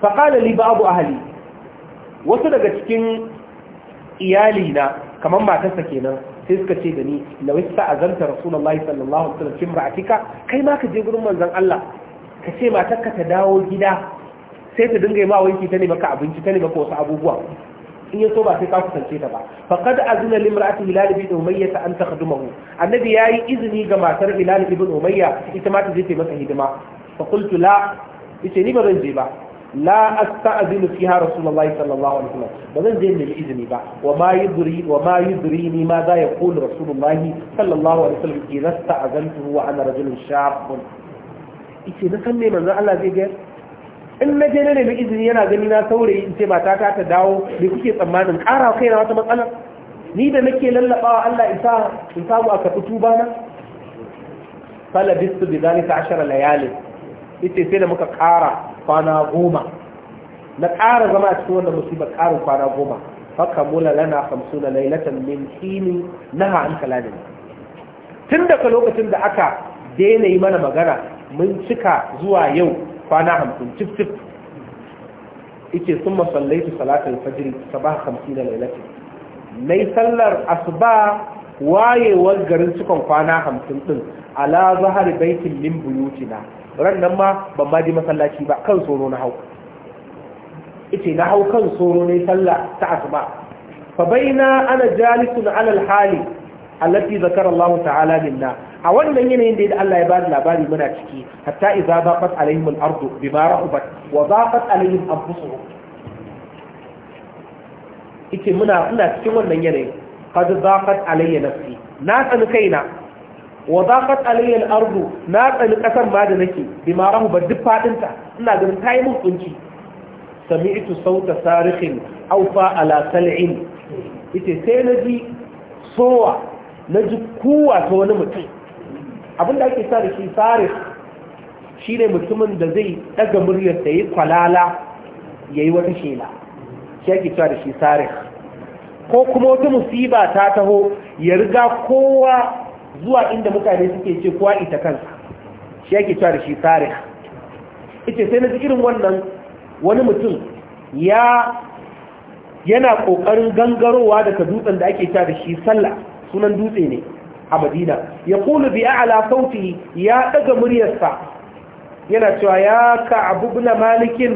faƙalali ba abu ahali wasu daga cikin iyalina kamar matarsa kenan sai suka ce da ni lawai sa azanta rasulullahi sallallahu alaihi wasallam kimra kai ma ka je gurin manzon Allah ka ce matarka ta dawo gida sai ta dinga yi ma wanki ta ne baka abinci ta ne baka wasu abubuwa in ya so ba sai ka kusance ta ba faqad azna limra'ati hilal ibn umayya an takhdumahu annabi yayi izini ga matar hilal ibn umayya ita ma ta je ta masa hidima fa qultu la ita ni ba zan je ba la asta'zinu fiha rasulullahi sallallahu alaihi wasallam ba zan je ne izini ba wa ma yudri wa ma yudrini ma za yaqulu rasulullahi sallallahu alaihi wasallam idza sta'zantu wa ana rajulun shaqun ita na san me manzo Allah zai ga in na je na nemi izini yana gani na saurayi in ce mata ta ta dawo me kuke tsammanin ƙara kai na wata matsalar ni da nake lallabawa Allah isa in samu a karɓi tuba na fala bisu bi zalika ashara layali ita sai da muka ƙara kwana goma na ƙara zama a cikin wannan musibar ƙarin kwana goma haka mula lana hamsuna lailatan min hini naha an kalamin tun daga lokacin da aka daina yi mana magana mun cika zuwa yau kwana hamsin cif cif ike sun masallaitu salatul fajr sabah hamsin da lailatin nai sallar asuba wayewar garin cikon kwana hamsin din ala zahar baitin min buyutina ran nan ma ban ma ji masallaci ba kan tsoro na hau ita na hau kan tsoro ne sallah ta asuba fa baina ana jalisun alal hali allati zakara Allah ta'ala minna a wannan yanayin da Allah ya bada labari muna ciki hatta idza daqat alaihim al-ardu bima wa daqat alaihim anfusuhum ite muna ina cikin wannan yanayin qad daqat alayya nafsi na tsani kaina wa daqat alayya al-ardu na tsani kasar ma da nake bima rahabat duk faɗinta. ta ganin tayi mun kunci sami'tu sauta sarikhin aw fa ala sal'in ite sai naji na ji kuwa ta wani mutum abinda ake sa da shi tsari shi ne mutumin da zai daga muryar da ya kwalala ya yi wata shela shi ake cewa da shi tsari ko kuma wata musiba ta taho ya riga kowa zuwa inda mutane suke ce kowa ita kansa shi ake cewa da shi tsari ita sai na ji irin wannan wani mutum ya yana ƙoƙarin gangarowa daga dutsen da ake cewa da shi sallah sunan dutse ne a madina ya kulu bi a'la sauti ya daga muryarsa yana cewa ya ka'abu ibn malikin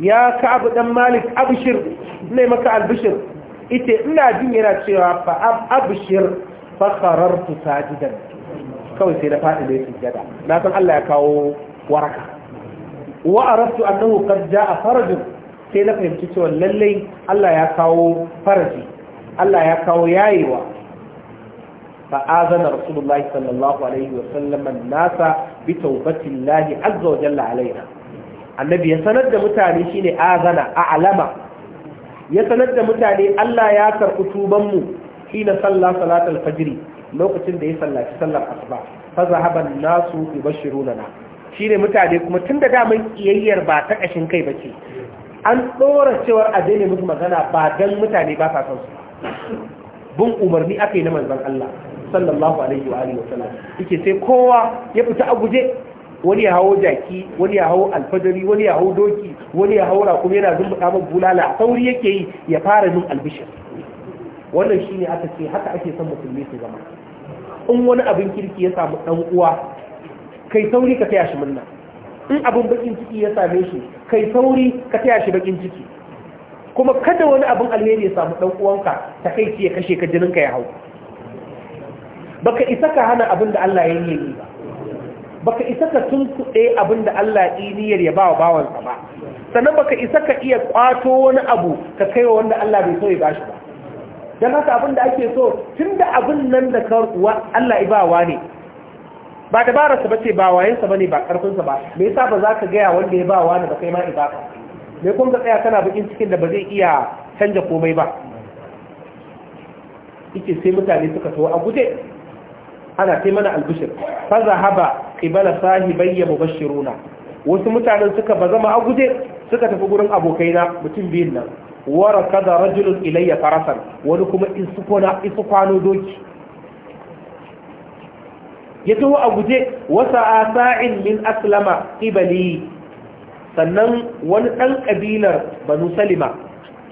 ya ka'abu dan malik abshir ne maka albishir ita ina jin yana cewa fa abshir fa qarartu sajidan kawai sai na faɗi ne sujjada na san Allah ya kawo waraka wa arabtu annahu qad jaa farajun sai na fahimci cewa lallai Allah ya kawo faraji Allah ya kawo yayewa fa azana rasulullahi sallallahu alaihi wa sallam nasa bi tawbati llahi azza wa jalla alaina annabi ya sanar da mutane shine azana a'lama ya sanar da mutane Allah ya karbu tuban mu shine salla salat alfajr lokacin da ya salla shi salla asuba fa zahaba nasu yubashiruna shine mutane kuma tun da dama kiyayyar ba ta kashin kai ce an dora cewa a magana ba dan mutane ba sa san bun umarni akai na manzon Allah sallallahu alaihi wa alihi wasallam yake sai kowa ya fita a guje wani ya hawo jaki wani ya hawo Alfajari, wani ya hawo doki wani ya haura kuma yana zumbuɗa man bulala sauri yake yi ya fara nun albishir wannan shine aka ce haka ake son musulmi su zama in wani abin kirki ya samu dan uwa kai sauri ka taya shi murna in abin bakin ciki ya same shi kai sauri ka taya shi bakin ciki kuma kada wani abin alheri ya samu dan uwanka ta kai ya kashe ka jinin ka ya hau baka isa ka hana abin da Allah ya yi ba baka isa ka tunkuɗe abin da Allah ya niyyar ya bawa bawansa ba sannan baka isa ka iya kwato wani abu ka kai wa wanda Allah bai so ya bashi ba dan haka abin da ake so tunda abin nan da ka Allah ya bawa ne ba dabararsa ba ce ba wayen ba ne ba ƙarfinsa ba me yasa ba za ka gaya wanda ya ba ne ba kai ma ibaka me kun ka tsaya kana bakin cikin da ba zai iya canja komai ba yake sai mutane suka so a guje ana kai mana albushir fa zahaba qibala sahibayya mubashiruna wasu mutanen suka bazama zama guje suka tafi gurin abokaina mutum biyun nan wara kada rajulun ilayya farasan wani kuma isu kwano doki ya taho a guje wasa a sa'in min aslama ibali sannan wani ɗan ƙabilar banu salima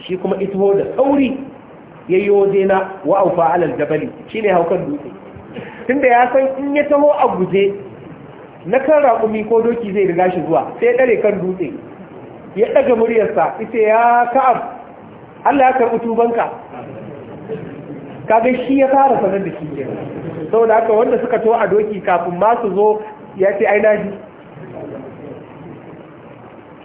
shi kuma ito da sauri ya yi wajena wa aufa alal jabali shi ne haukan dutse da ya san in ya taho a guje na kan raƙumi ko doki zai riga shi zuwa sai ya ɗare kan dutse ya ɗaga muryarsa ita ya ka'ab Allah ya karɓi tubanka kaga shi ya fara sanar da shi ke da haka wanda suka taho a doki kafin ma su zo ya ce ai naji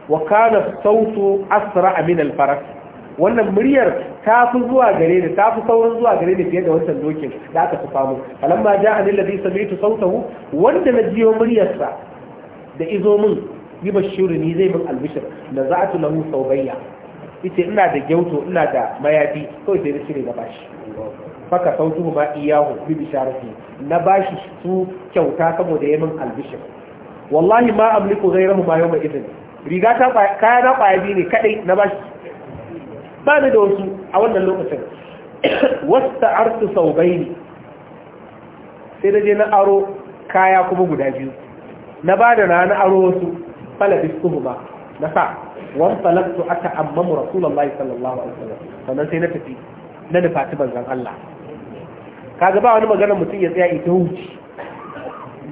wa kana sautu asra min al faras wannan muryar ta fi zuwa gare ni ta fi saurin zuwa gare ni fiye da wancan dokin da aka fi samu alamma ja anil ladhi sami'tu sautahu wanda na jiyo muryarsa da izo min yi bashiru ni zai min albishir da za'atu lahu sawbayya ita ina da gyauto ina da mayafi kawai sai da shiri na bashi faka sautu ma iyahu bi bisharati na bashi su kyauta saboda yamin albishir wallahi ma amliku ghayrahu ma yawma idin riga ta kaya na kwaya ne kadai na bashi ba ni da wasu a wannan lokacin wasta artu sau bai sai da je na aro kaya kuma guda biyu na ba da na aro wasu falafis kuma ba na sa wan falaftu aka ammamu rasulallah sallallahu alaihi sannan sai na tafi na nufati banzan Allah ka ba wani magana mutum ya tsaya ita huci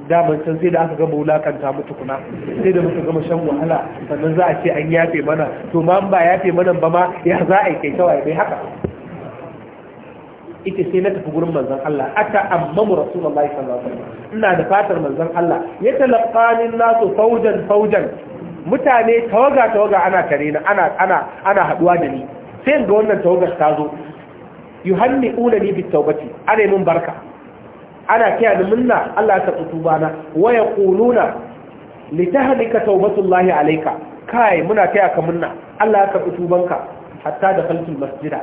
damar can sai da aka gama wulakanta mu tukuna sai da muka gama shan wahala sannan za a ce an yafe mana to ma ba yafe mana ba ma ya za a yi kai kawai bai haka ita sai na tafi gurin manzon Allah mu rasu rasulullahi sallallahu alaihi wasallam ina da fatar manzon Allah ya ni nasu faujan faujan mutane tawaga tawaga ana tare ni ana ana ana haduwa da ni sai ga wannan tawagar ta zo yuhanni ulani bitawbati ana min barka ana kiya da minna Allah ta fito bana wa yaquluna litahlika tawbatullahi alayka kai muna taya ka munna Allah ka fito banka hatta da kaltul masjida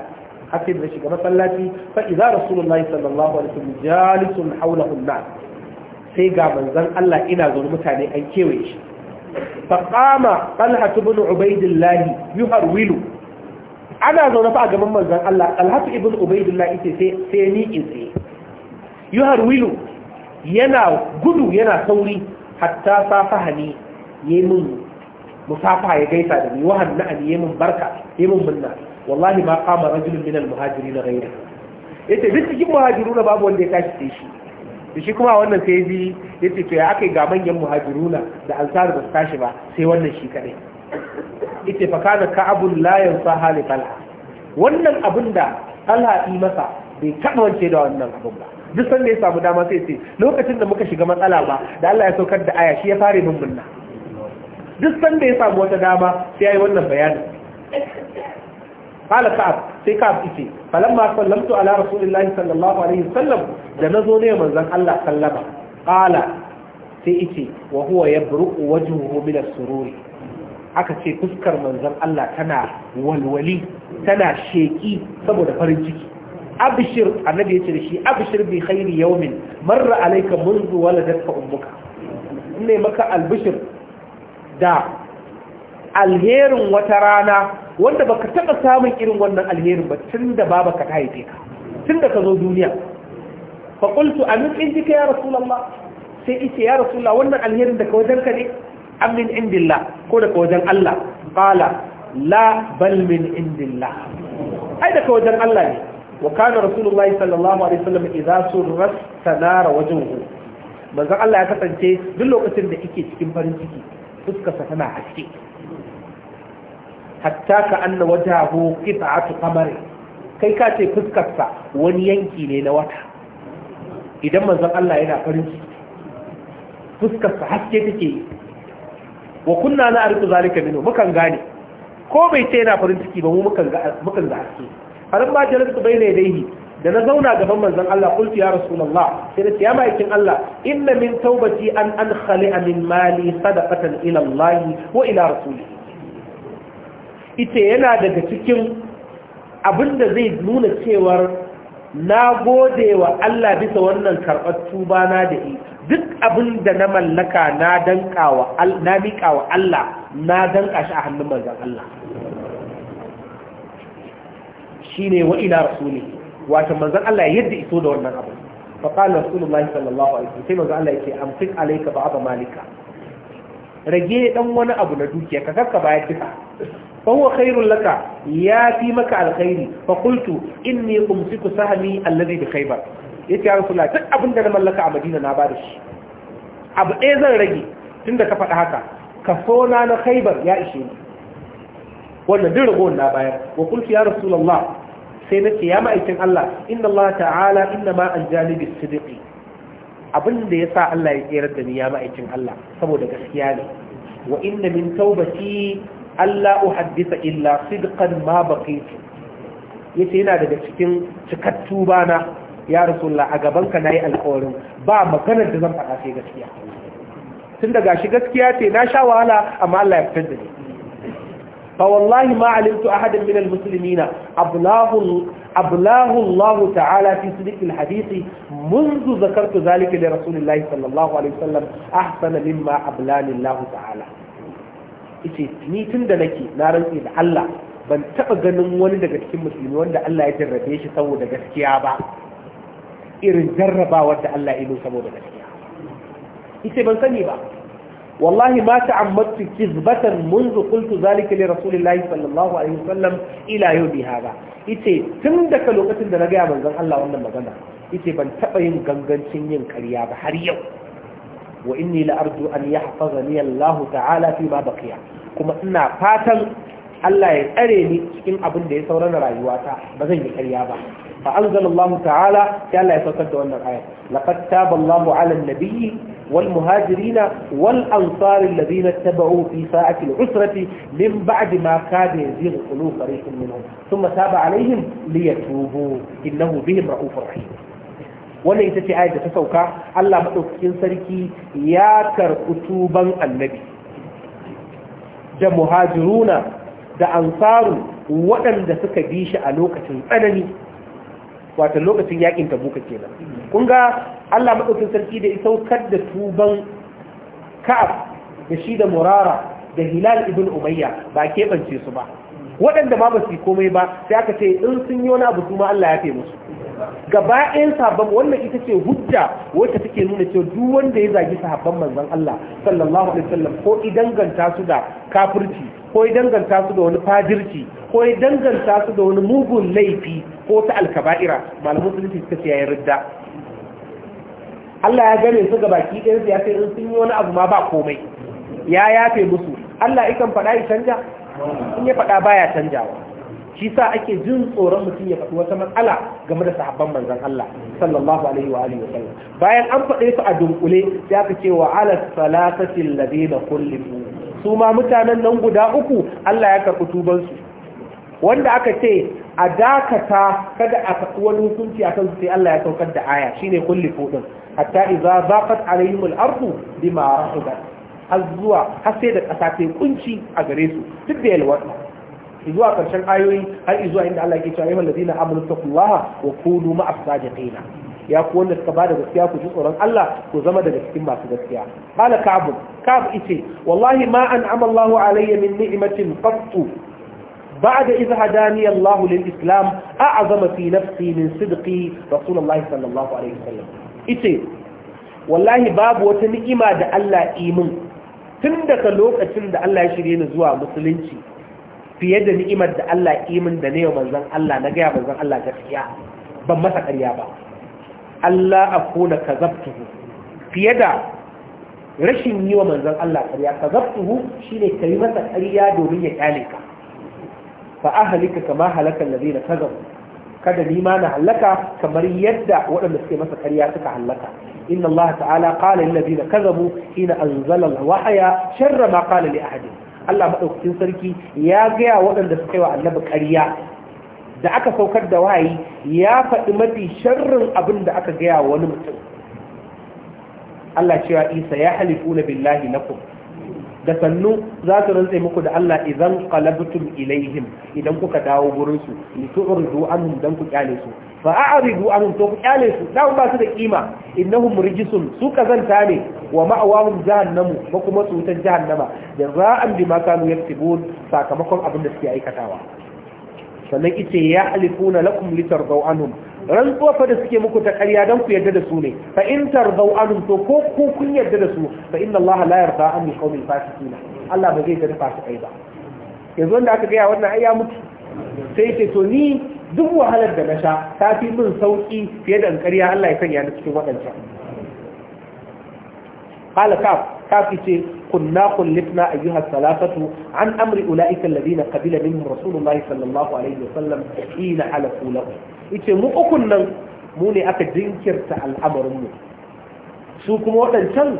hatta da shiga masallaci fa idza rasulullahi sallallahu alaihi wasallam jalisun hawlahu an-nas sai ga manzon Allah ina zo mutane an kewaye shi fa qama talha ibn ubaidillah yuharwilu ana zaune fa a gaban manzon Allah talha ibn ubaidillah yace sai sai ni in sai yuhar wilu yana gudu yana sauri hatta safahani yayi mun musafa ya gaisa da ni wahan na yayi mun barka yemin mun munna wallahi ma qama rajulun min al-muhajirin ghayra yace duk cikin muhajiruna babu wanda ya tashi sai shi da shi kuma wannan sai bi yace to ya akai ga manyan muhajiruna da ansar ba su tashi ba sai wannan shi kadai yace fa kana ka'abun la yansa hali wannan abun da masa bai taba wance da wannan abin ba duk sanda ya samu dama sai ce lokacin da muka shiga matsala ba da Allah ya saukar da aya shi ya fare mun munna duk sanda ya samu wata dama sai yayi wannan bayani qala ka'ab sai ka'ab yace falamma sallamtu ala rasulillahi sallallahu alaihi wasallam da nazo ne manzon Allah sallama qala sai ice wa huwa yabru wajhuhu min as-sururi aka ce fuskar manzon Allah tana walwali tana sheki saboda farin ciki abishir annabi ya ce shi abishir bi khairi yawmin marra alayka munzu waladatka ummuka ne maka albishir da alherin wata rana wanda baka taba samun irin wannan alherin ba tunda babaka ta haife ka tunda ka zo duniya fa qultu amin indika ya rasulullah sai ita ya rasulullah wannan alherin daga wajen ka ne amin indillah ko daga wajen Allah qala la bal min indillah ai daga wajen Allah ne وكان رسول الله صلى الله عليه وسلم إذا سرت تنار وجهه manzon Allah ya kasance duk lokacin da kike cikin farin ciki fuskarsa tana haske hatta ka anna wajahu qita'atu qamari kai ka ce fuskarsa wani yanki ne na wata idan manzon Allah yana farin ciki fuskarsa haske take yi wa kunna na arzu zalika minhu mukan gane ko bai ce yana farin ciki ba mu mukan ga mukan ga haske farin ba jalastu bayna yadayhi da na zauna gaban manzon Allah kulti ya rasulullah sai da ya ma'aikin Allah inna min taubati an an a min mali sadaqatan ila Allah wa ila rasulih ita yana daga cikin abinda zai nuna cewar na gode wa Allah bisa wannan karɓar tuba na da yi duk abin da na mallaka na danka na miƙa wa Allah na danka shi a hannun manzon Allah shine wa ila rasuli wato manzan Allah yadda iso da wannan abu fa qala rasulullahi sallallahu alaihi sai manzan Allah yake alaika alayka ba'da malika rage dan wani abu na dukiya ka karka baya duka fa huwa khairul laka ya fi maka alkhairi fa qultu inni umsiku sahmi alladhi bi khaybar yace ya rasulullah duk abin da na mallaka a Madina na ba da shi abu ɗaya zan rage tunda ka faɗi haka kaso na na khaybar ya ishe ni wannan duk rago na bayar wa qultu ya rasulullah sai na ce ya ma'aikin Allah inna Allah ta'ala inna ma an janibi sidiqi abin da ya sa Allah ya tsere da ni ya ma'aikin Allah saboda gaskiya ne wa inna min taubati Allah uhaddisa illa sidqan ma baqitu yace yana daga cikin cikattu na. ya rasulullah a gaban ka nayi alƙawarin ba maganar da zan faɗa sai gaskiya tun daga shi gaskiya ce na sha wahala amma Allah ya fitar da fa wallahi ma alimtu ahadan min almuslimina ablahu ablahu Allah ta'ala fi sidq alhadith منذ ذكرت ذلك لرسول الله صلى الله عليه وسلم احسن مما ابلاني الله تعالى yace ni tun da nake na rantsi da Allah ban taɓa ganin wani daga cikin musulmi wanda Allah ya jarrabe shi saboda gaskiya ba irin jarrabawar da Allah ya yi saboda gaskiya ita ban sani ba wallahi ma ta'ammattu kizbatan munzu qultu zalika li rasulillahi sallallahu alaihi wasallam ila yawmi hada yace tun daga lokacin da na ga manzon Allah wannan magana yace ban taɓa yin gangancin yin karya ba har yau wa inni la arju an yahfazani Allah ta'ala fi ma baqiya kuma ina fatan Allah ya tsare ni cikin abin da ya saurana rayuwata ba zan yi karya ba fa anzalallahu ta'ala ya Allah ya saukar da wannan aya laqad taba Allahu 'ala an-nabiyyi wal muhajirina wal ansari alladhina tabau fi sa'ati al-usrati min ba'di ma kada yazigh qulub fariqin minhum thumma taba 'alayhim liyatubu innahu bihim ra'ufur rahim wannan ita ce ayar da ta sauka Allah maɗaukakin sarki ya karɓi tuban annabi da muhajiruna da ansaru waɗanda suka bi shi a lokacin tsanani Wata lokacin yakin tabuka kenan kun ga Allah madaukakin sarki da isaukar da tuban ka'ab da shi da murara da hilal ibn umayya ba keɓance su ba waɗanda ma ba su komai ba sai aka ce in sun yi wani abu kuma Allah ya fe musu gaba ɗayan sabon wannan ita ce hujja wacce take nuna cewa duk wanda ya zagi sahabban manzon Allah sallallahu alaihi wasallam ko idan ganta su da kafirci ko ya danganta su da wani fadirci ko ya danganta su da wani mugun laifi ko ta alkaba'ira malamin musulunci suka ce yayin ridda Allah ya gane su ga baki ɗaya su ya ce in sun yi wani abu ma ba komai ya yafe musu Allah ikan faɗa ya canja in ya faɗa baya canjawa shi sa ake jin tsoron mutum ya faɗi wata matsala game da sahabban manzan Allah sallallahu alaihi wa alihi wa sallam bayan an faɗe su a dunkule sai aka ce wa ala ladina kullu su ma mutanen nan guda uku Allah ya karɓi tubansu wanda aka ce a dakata kada a faɗi wani hukunci a kansu sai Allah ya saukar da aya shine kulle fudin hatta idza zaqat alaihim al-ardu bima rahabat har zuwa har sai da ƙasa ta kunci a gare su duk da yalwata zuwa karshen ayoyi har zuwa inda Allah ke cewa ayyuhal ladina amanu taqullaha wa kunu ma'as sadiqina ya ku wanda suka bada gaskiya ku ji tsoron Allah ku zama daga cikin masu gaskiya qala ka'b ka'b ite wallahi ma an'ama Allahu alayya min ni'matin qattu ba'da idh hadani Allah lil Islam a'zama fi nafsi min sidqi Rasulullah sallallahu alaihi wasallam ite wallahi babu wata ni'ima da Allah imin tun daga lokacin da Allah ya shirya ni zuwa musulunci fiye da ni'imar da Allah imin da ne manzon Allah na gaya manzon Allah gaskiya ban masa ƙarya ba Allah ka kazabtuhu fiye da rashin yi wa manzon Allah ƙarya kazabtuhu shine kai masa ƙarya domin ya kyale ka fa ahlika kama halaka alladhina kazabu kada ni ma na halaka kamar yadda waɗanda suke masa karya suka halaka inna Allah ta'ala qala lil ladina kazabu hina anzala al-wahya sharra ma qala li ahadin Allah madaukakin sarki ya gaya waɗanda suka yi wa annabi ƙarya da aka saukar da wahayi ya faɗi mafi sharrin abin da aka gaya wani mutum Allah cewa isa ya halifu na billahi ku da sannu za su rantse muku da Allah idan qalabtum ilaihim idan kuka dawo gurin su li tu'ridu anhum dan ku kyale su fa a'ridu anhum to ku kyale su da ba su da kima innahum sun su kazanta ne wa ma'awahum jahannamu ko kuma su ta jahannama jaza'an bima kanu yaktubun sakamakon abin da suke aikatawa sannan ita ya alifuna lakum litar anhum rantsuwa fa da suke muku ta ƙarya don ku yadda da su ne fa in tardau to ko ku kun yarda da su fa inna Allah la yarda an qawmil fasiqina Allah ba zai yarda fasikai ba yanzu wanda aka gaya wannan ai ya mutu sai ce to ni duk wahalar da na sha ta fi min sauki fiye da ƙarya Allah ya sanya ni cikin waɗancan kaf, kafi ce كنا خلفنا أيها الثلاثة عن أمر أولئك الذين قبل منهم رسول الله صلى الله عليه وسلم حين حلفوا له إيش مو أكنا مو ne aka jinkirta al'amarinmu su kuma waɗancan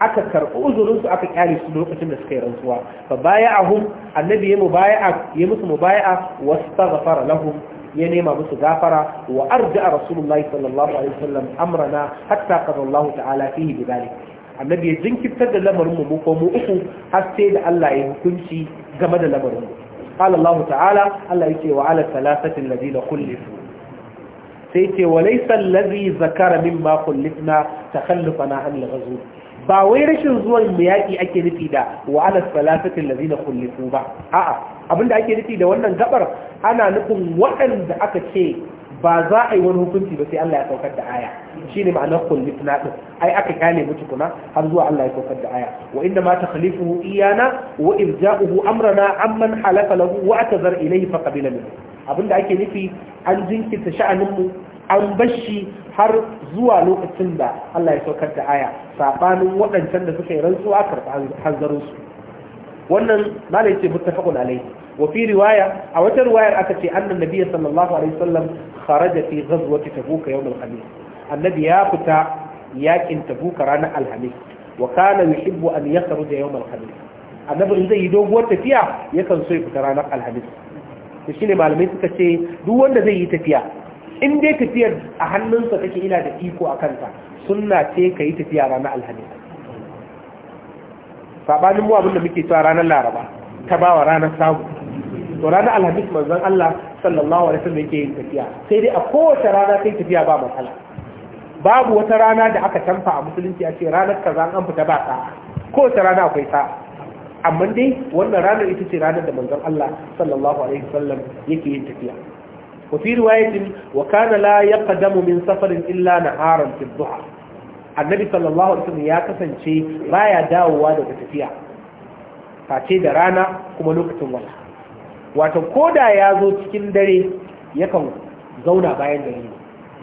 aka karɓi uzurinsu aka kyale su lokacin da suka yi rantsuwa fa baya'ahum annabi ya mubaya'a ya musu mubaya'a wastaghfara lahum ya nema musu gafara wa arja'a rasulullahi sallallahu alaihi wasallam amrana hatta qada Allah ta'ala fihi bidalik annabi ya jinkirtar da lamarin mu mu ko mu uku har da Allah ya hukunci game da lamarin mu qala Allah ta'ala Allah yake wa ala thalathati alladhina khulifu sai yake wa laysa alladhi zakara mimma khulifna takhallufana an al-ghazw ba wai rashin zuwan mu yaƙi ake nufi da wa'alar falasatin da zina kullifu ba a'a abinda ake nufi da wannan gabar ana nufin waɗanda aka ce ba za a yi wani hukunci ba sai Allah ya saukar da aya shi ne ma'anar kullit na ɗin ai aka kyale mutu kuma, har zuwa Allah ya saukar da aya wa inda ma ta khalifuhu iyana wa irja'uhu amrana amman halaka lahu wa atazar ilayhi fa qabila abinda ake nufi an jinkirta sha'anin mu an bashi har zuwa lokacin da Allah ya saukar da aya sabanin waɗancan da suka yi rantsuwa karɓi hanzarin su wannan malai ce muttafaqun alai wa fi riwaya a wata riwayar aka ce annan nabiyyi sallallahu alaihi wasallam kharaja fi ghazwati tabuk yawm al-khamis annabi ya fita yakin tabuk ranar alhamis wa kana yuhibbu an yakhruja yawm al-khamis annabi in zai yi doguwar tafiya yakan so ya fita ranar alhamis shi ne malamai suka ce duk wanda zai yi tafiya in dai tafiyar a hannunsa take ina da iko a kanta suna ce ka yi tafiya ranar alhamis saɓanin mu abinda muke cewa ranar laraba ta bawa ranar samu to ranar alhamis manzan Allah sallallahu alaihi wasallam yake yin tafiya sai dai a kowace rana kai tafiya ba matsala babu wata rana da aka tamfa a musulunci a ce ranar kaza an fita ba ta kowace rana akwai ta amma dai wannan ranar ita ce ranar da manzan Allah sallallahu alaihi wasallam yake yin tafiya وفي رواية وكان لا يقدم من سفر إلا نهارا في الضحى النبي صلى الله عليه وسلم يا كسن شيء لا يداو وادو تتفيع face da rana kuma lokacin wata ko da ya zo cikin dare yakan zauna bayan dare ne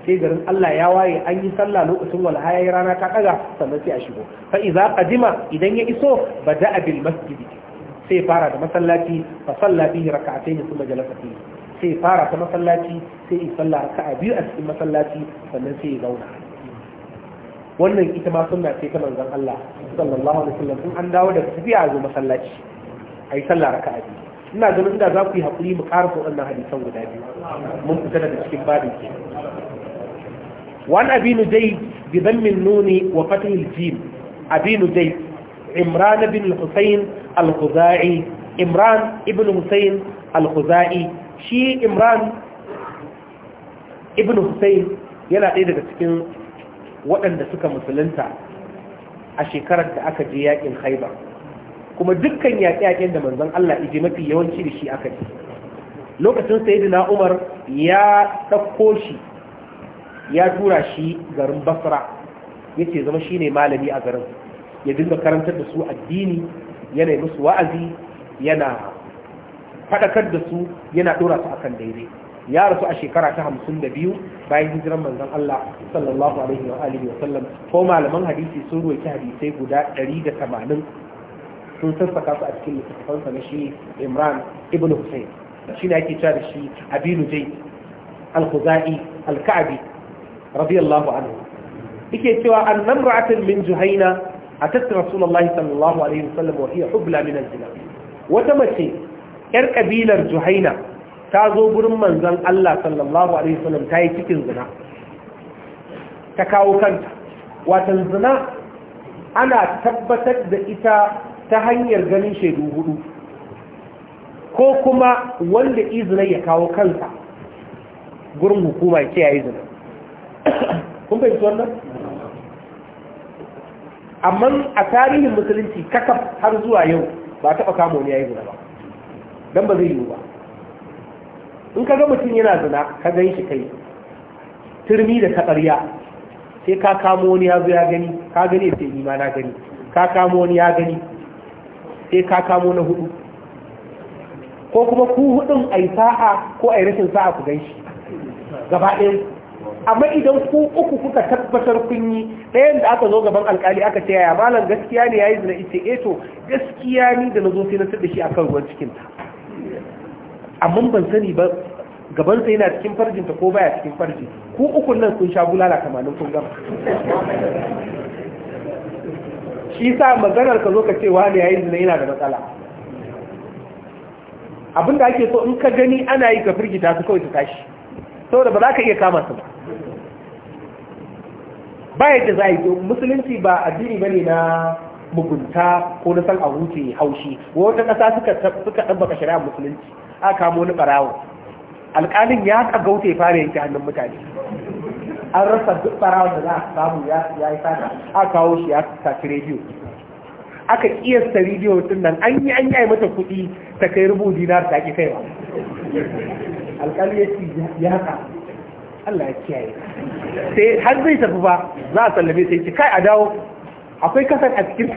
sai garin Allah ya waye an yi sallah lokacin wala hayayi rana ta ɗaga sannan sai a shigo fa idza qadima idan ya iso ba bada'a bil masjid sai fara da masallaci fa salla bihi rak'atayn thumma jalasa fihi sai fara ta masallaci sai ya salla raka'a biyu a cikin masallaci sannan sai ya zauna wannan ita ma sunna ce ta manzon Allah sallallahu alaihi wasallam in an dawo daga tafiya a zo masallaci ai sallah raka'a biyu ina ganin inda za ku yi haƙuri mu ƙara waɗannan hadisan guda biyu mun fita daga cikin babin ke وعن أبي نجيب بضم النون وفتح الجيم أبي نجيب عمران بن الحسين الخزاعي shi imran ibn husayn yana ɗaya daga cikin waɗanda suka musulunta a shekarar da aka je yaƙin haiba kuma dukkan yaƙe-yaƙen da manzon Allah iji mafi yawanci da shi aka ji lokacin na umar ya ɗauko shi ya tura shi garin basra ya ce zama shi ne malami a garin ya dinga karantar da su addini yana musu wa'azi yana faɗakar da su yana ɗora su akan daidai ya rasu a shekara ta hamsin da biyu bayan hijiran manzon Allah sallallahu alaihi wa alihi wa sallam ko malaman hadisi sun ruwaita hadisai guda ɗari da tamanin sun sassaka su a cikin littattafansa na shi Imran ibn Hussein shi ne ake cewa da shi Abinu Jai al-Khuzai al-Ka'bi radiyallahu anhu yake cewa annam ra'atin min Juhaina atat Rasulullahi sallallahu alaihi wa sallam wa hiya hubla min al-zina wata mace yar ƙabilar juhaina ta zo gurin manzan Allah sallallahu alaihi wasallam ta yi cikin zina ta kawo kanta watan zina ana tabbatar da ita ta hanyar ganin shaidu hudu ko kuma wanda izina ya kawo kansa gurin hukuma ya ce ya yi zina. kun fahimci wannan amma a tarihin musulunci kakaf har zuwa yau ba taɓa kamo ne ya yi zina ba dan ba zai yi ba in ka ga mutum yana zina ka gan shi kai turmi da taɓarya sai ka kamo wani ya zo ya gani ka gani sai ni ma na gani ka kamo wani ya gani sai ka kamo na hudu ko kuma ku hudun a yi sa'a ko a yi rashin sa'a ku gan shi gaba ɗaya amma idan ku uku kuka tabbatar kun yi ɗayan da aka zo gaban alkali aka ce yaya malam gaskiya ne ya yi zina ita eto eh gaskiya ni da na zo sai na tada shi akan ruwan cikinta amma ban sani ba gaban sai yana cikin farjinta ko baya cikin farji ku ukun nan kun sha bulala kamanin kun gama shi sa maganar ka zo ka ce wani yayin zina yana da matsala abinda ake so in ka gani ana yi ka firgita su kawai su tashi saboda ba za ka iya kama su ba ba za a yi musulunci ba addini bane na mugunta ko na san a huce haushi wata ƙasa suka ka shari'a musulunci a kamo wani barawo alƙalin ya kagauta ya fara yanke hannun mutane an rasa duk barawon da za a samu ya yi fara a kawo shi ya tafi rediyo aka kiyasta rediyo tun nan an yi an yi mata kuɗi ta kai rubu dinar ta ake kaiwa alƙali ya ce ya ka Allah ya kiyaye sai har zai tafi ba za a sallame sai kai a dawo akwai kasar a cikin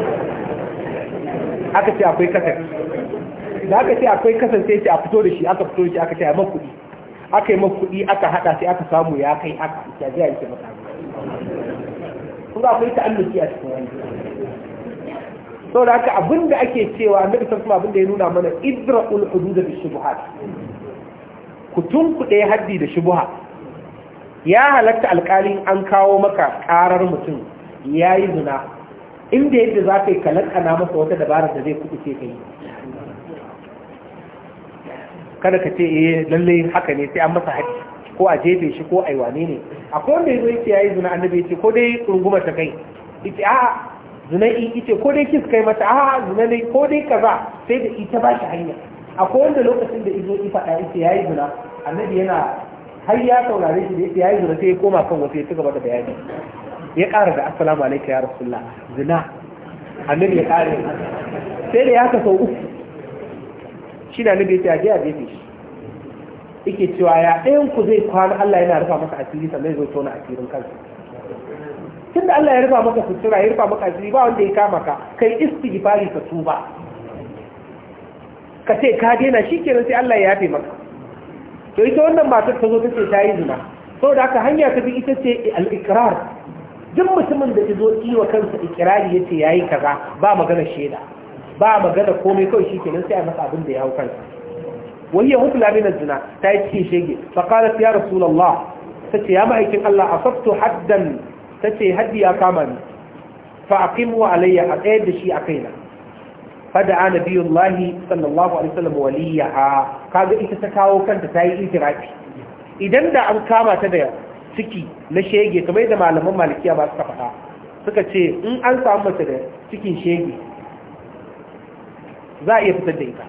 aka ce akwai kasar da haka sai akwai kasance sai a fito da shi aka fito da shi aka taya kudi aka yi kudi aka haɗa sai aka samu ya kai aka ya zai yake mata kun akwai ta'alluki a cikin wani sau da haka abinda ake cewa annabi sallallahu alaihi abinda ya nuna mana idra'ul hudud da shubuhat ku tunkuɗe haddi da shubuha ya halatta alƙalin an kawo maka ƙarar mutum ya yi zina inda yadda za ka yi kalakana masa wata dabarar da zai kuɗi ce ka yi kada ka ce eh lalle haka ne sai an masa haji ko a jefe shi ko a wane ne akwai wanda yazo yace yayi zina annabi yace ko dai runguma ta kai yace a zina in yace ko dai kis kai mata a zina ne ko dai kaza sai da ita ba shi hanya akwai wanda lokacin da izo ifa da yace yayi zina annabi yana har ya saurare shi da yace yayi zina sai ya koma kan wasu ya ci gaba da bayani ya ƙara da assalamu alaikum ya rasulullah zina annabi ya ƙare sai da ya ka sau uku shi na nufi ya je a jefe shi ike cewa ya ɗayan ku zai kwana Allah yana rufa masa asiri sannan zai tona asirin kansa tun da Allah ya rufa maka fitura ya rufa maka asiri ba wanda ya kama ka kai istighfari ka tuba ka ce ka daina shi ke sai Allah ya yafe maka to ita wannan matar ta zo ta ce ta yi zina saboda haka hanya ta bi ita ce al-ikrar duk mutumin da ya zo yi wa kansa ikirari ya ce ya yi kaza ba magana shaida ba magana komai kawai shi kenan sai a masa abin da ya hau kansa wani ya hukula min zina ta yi cikin shege fa qalat ya rasulullah tace ya ma'aikin Allah asabtu haddan tace haddi ya kama ni fa aqimu alayya a tsayar da shi a kaina fada'a nabiyullahi sallallahu alaihi wasallam waliyaha kaga ita ta kawo kanta ta yi itirafi idan da an kama ta da ciki na shege kamar da malaman malikiya ba suka faɗa suka ce in an samu mace da cikin shege za a iya fitar da ita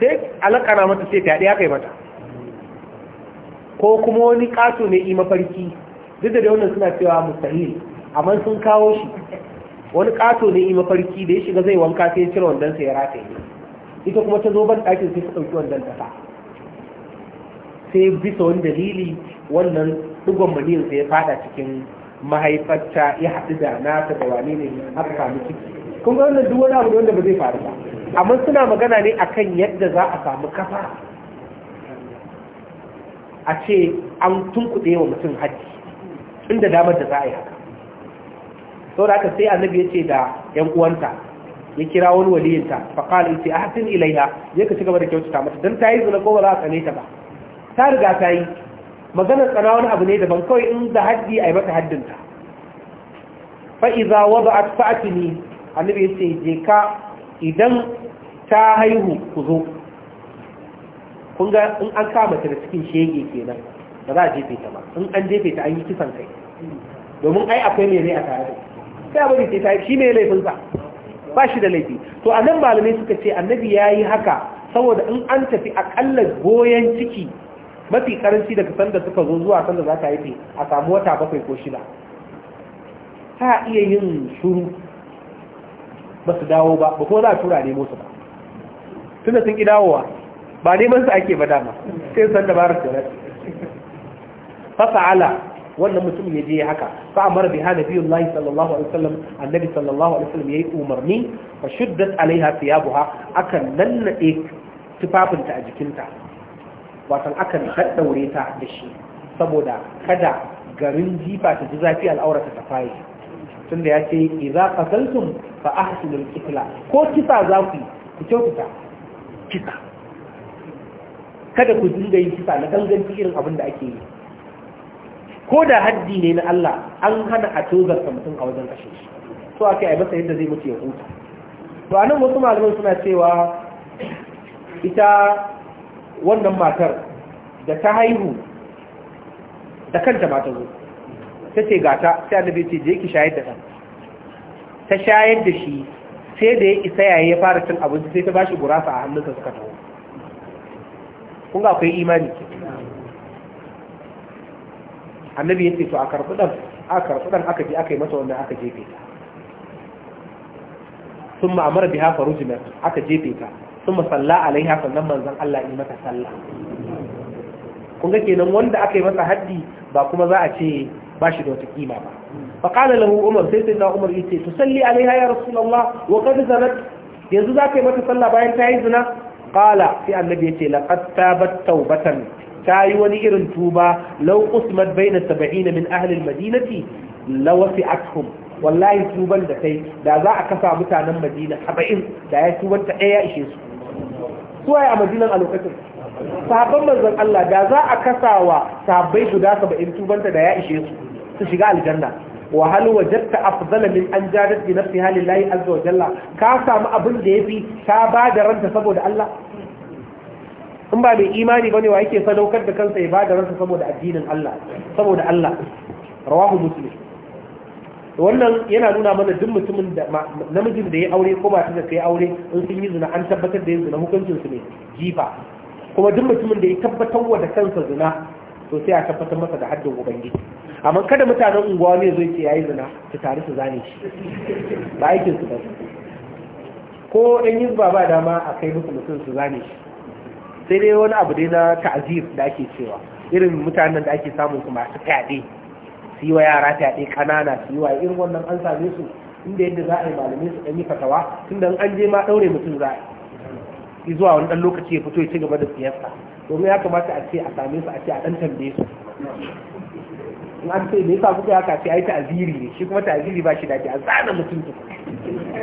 sai alakana mata sai fyaɗe aka yi mata ko kuma wani ƙato ne yi mafarki duk da wannan suna cewa mustahil amma sun kawo shi wani ƙato ne yi mafarki da ya shiga zai wanka sai ya cire wandonsa ya rataye ita kuma ta zo ban ɗakin sai ta ɗauki wandon ta sai bisa wani dalili wannan ɗigon maniyin ya fada cikin mahaifarta ya haɗu da nata da wane ne aka samu ciki kun ga wannan duk wani abu wanda ba zai faru ba amma suna magana ne akan yadda za a samu kafa a ce an tunkuɗe wa mutum haji inda damar da za a yi haka sau da aka sai annabi ya ce da ‘yan uwanta ya kira wani waliyinta faƙalin ce a hasin ilaiha ya ka ci gaba da kyautata mata don ta yi zuna ko ba za a tsane ta ba ta riga ta yi maganar tsana wani abu ne daban kawai in da haddi a yi mata haddinta fa'iza wadda a fa'atini annabi ya ce je ka idan ta haihu ku zo kun ga in an kama ta da cikin shege kenan ba za a jefe ta ba in an jefe ta an yi kisan kai domin ai akwai mene a tare da sai abin da ta shi ne laifinsa ba shi da laifi to a nan malamai suka ce annabi ya yi haka saboda in an tafi akalla goyon ciki mafi karanci daga sanda suka zo zuwa sanda za ta haife a samu wata bakwai ko shida ta iya yin shuru ba su dawo ba ba ko za a tura nemo su ba tunda sun ki dawowa ba neman su ake ba dama sai san dabarar da fasa'ala wannan mutum ya je haka fa amara biha nabiyullahi sallallahu alaihi wasallam annabi sallallahu alaihi wasallam yayi umarni fa shuddat alaiha thiyabuha akan nannade tufafinta a jikinta watan akan daddaure ta da shi saboda kada garin jifa ta ji zafi al'aurata ta faye tunda ya ce iza qataltum fa ahsinu al-qitla ko kisa za ku ku kyautata kisa kada ku dinga yin kisa na ganganci irin abin da ake yi ko da haddi ne na Allah an hana a tozar mutum a wajen kashe shi so aka yi masa yadda zai mutu ya huta to anan wasu malaman suna cewa ita wannan matar da ta haihu da kanta mata zuwa ta ce gata sai annabi ce je ki shayar da ɗan ta shayar da shi sai da ya isa yayi ya fara cin abinci sai ta bashi gurasa a hannunsa suka taho kun ga akwai imani annabi ya ce to a karɓi ɗan a karɓi ɗan aka je aka yi masa wannan aka jefe ta sun ma'amara biha farujinar aka jefe ta sun salla alaiha sannan manzan Allah yi mata sallah kun ga kenan wanda aka yi masa haddi ba kuma za a ce ba shi da wata kima ba fa qala lahu umar sai sai na umar yace tusalli alaiha ya rasulullah wa qad zanat yanzu za ka yi mata sallah bayan ta yi zina qala sai annabi yace laqad tabat tawbatan ta yi wani irin tuba law qusmat baina 70 min ahli almadinati lawasi'athum wallahi tuban da kai da za a kasa mutanen madina 70 da ya tuban ta daya ishe su suwaye a madinan a lokacin sahabban manzon Allah da za a kasawa sahabbai guda 70 tubanta da ya ishe su su shiga aljanna wa hal wajadta afdala min an jadat bi nafsiha lillahi azza wa jalla ka samu abin da yafi ka ba da ranta saboda Allah in ba mai imani bane wa yake sadaukar da kansa ya ba da ranta saboda addinin Allah saboda Allah rawahu muslim wannan yana nuna mana duk mutumin da namijin da ya aure ko ba ta da kai aure in sun yi zina an tabbatar da yin zina hukuncin su ne jifa kuma duk mutumin da ya tabbatar wa da kansa zina to sai a tabbatar masa da haddin ubangiji amma kada mutanen unguwa ne zai ce yayi zina ta tare su zane shi ba aikin su ba ko dan yin ba dama a kai musu mutum su zane shi sai dai wani abu dai na ta'zir da ake cewa irin mutanen da ake samun su masu fyaɗe su yi wa yara fyaɗe kanana su yi wa irin wannan an same su inda yadda za a yi malamai su ɗan yi fatawa tunda an je ma ɗaure mutum za a yi zuwa wani ɗan lokaci ya fito ya ci gaba da siyasa domin ya kamata a ce a same su a ce a ɗan tambaye su in an ce me yasa kuka haka ce ai ta'aziri ne shi kuma ta'aziri ba shi dace a zana mutum ta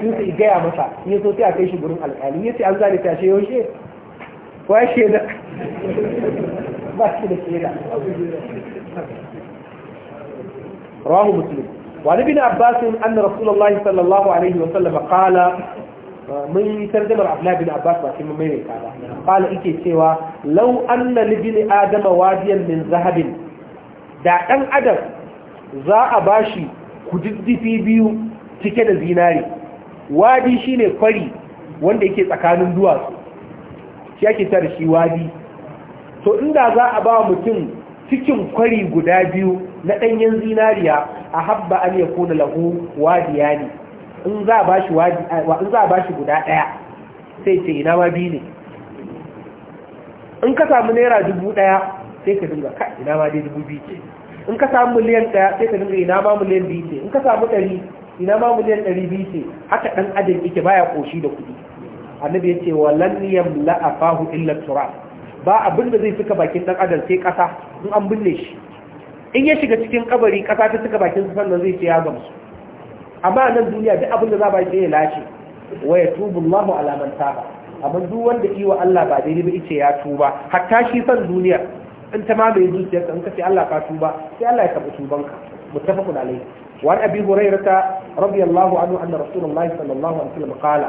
in sai gaya masa in so sai a kai shi gurin alƙali ce an zane ta sheyo she ko ya sheda ba shi da sheda rawahu muslim وعن ابن عباس abbasin رسول Rasulallah sallallahu alaihi wa وسلم قال mun yi tarjamar abla bin abbas ba sai mun ka ba qala ike cewa law anna li bin adama wadiyan min zahabin da dan adam za a bashi kudiddifi biyu cike da zinari wadi shine kwari wanda yake tsakanin duwatsu shi ake tar shi wadi to inda za a ba mutum cikin kwari guda biyu na danyen zinariya a habba an ya lahu wadiyani in za a bashi shi guda ɗaya sai ce ina ma biyu ne in ka samu naira dubu ɗaya sai ka dinga ka ina ma dai dubu biyu ce in ka samu miliyan ɗaya sai ka dinga ina ma miliyan biyu ce in ka samu ɗari ina ma miliyan ɗari biyu ce haka ɗan adam yake baya ƙoshi da kuɗi annabi ya ce wa lan yamla afahu illa tura ba abin da zai suka bakin ɗan adam sai ƙasa in an binne shi in ya shiga cikin kabari ƙasa ta suka bakin sannan zai ce ya gamsu amma nan duniya duk abin da za ba ya lashe wa yatubu Allahu ala man taba amma duk wanda wa Allah ba daidai ba ice ya tuba hatta shi san duniya in ta mamaye zuciyarka in ka ce Allah ka tuba sai Allah ya karɓi tubanka muttafaqun alayhi وعن أبي هريرة رضي الله عنه أن رسول الله صلى الله عليه وسلم قال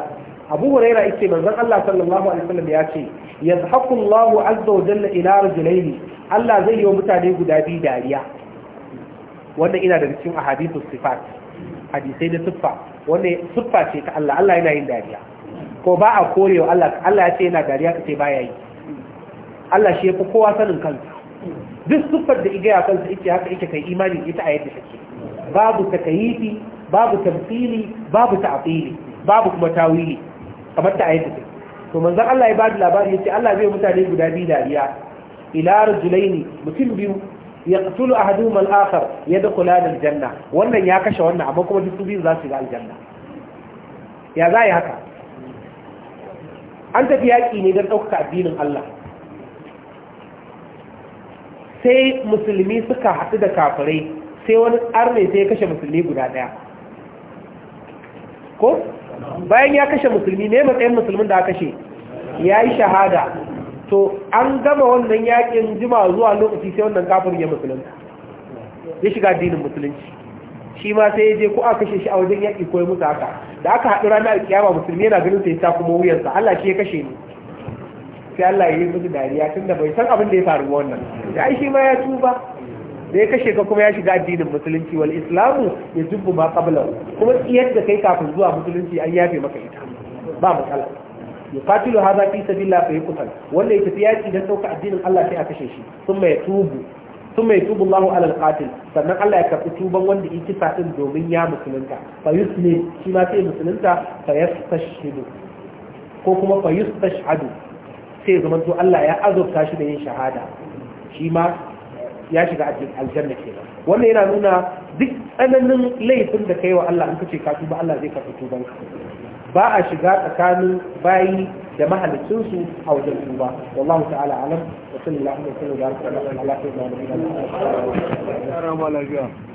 أبو هريرة إكتي من ذن الله صلى الله عليه وسلم ياتي يضحك الله عز وجل إلى رجلين الله زي يوم تاني قدابي داريا وأن إلى رجلين أحاديث Sifat. hadisai da siffa wanda siffa ce ta Allah Allah yana yin dariya ko ba a korewa Allah Allah ya ce yana dariya kace baya yi Allah shi yafi kowa sanin kansa duk siffar da igaya kansa ita haka yake kai imani ita a yadda take babu takayifi babu tamthili babu ta'tili babu kuma tawili kamar ta take to manzon Allah ya ba da labari yace Allah zai mutane guda biyu dariya ila rajulaini mutum biyu Ya hadu mal'akar ya da kula da janna wannan ya kashe wannan amma kuma duk biyu za su ga aljanna ya za yi haka an tafi yaƙi ne don ɗaukaka addinin Allah sai musulmi suka haɗu da kafirai sai wani arne sai ya kashe musulmi guda ɗaya ko bayan ya kashe musulmi ne matsayin musulmin da aka kashe ya yi shahada to an gama wannan yakin jima zuwa lokaci sai wannan kafin ya musulunta ya shiga dinin musulunci shi ma sai ya je ko a kashe shi a wajen yaƙi ko ya mutu haka da aka haɗu ranar kiyama musulmi yana ganin sai ta kuma wuyansa Allah shi ya kashe ni sai Allah ya yi musu dariya tun da bai san abin da ya faru wannan da shi ma ya tuba da ya kashe ka kuma ya shiga addinin musulunci wal islamu ya jubbu ma qablahu kuma tsiyar da kai kafin zuwa musulunci an yafe maka ita ba matsala yuqatilu hadha fi sabilillah fa yuqtal wanda ya tafi yaki dan dauka addinin Allah sai a kashe shi thumma yatubu thumma Allahu ala al sannan Allah ya karbi tuban wanda ya kisa din domin ya musulunta fa yuslim shi ma sai musulunta ko kuma fa yustashhadu sai zama to Allah ya azurta shi da yin shahada shi ma ya shiga aljanna kenan wannan yana nuna duk tsananin laifin da kai wa Allah in kace ka tuba Allah zai karbi tuban ka ba a shiga tsakanin bayi da mahalicinsu a wajen ba. wallahu ta'ala alam wa sallallahu alaihi wa sallam ala sayyidina muhammad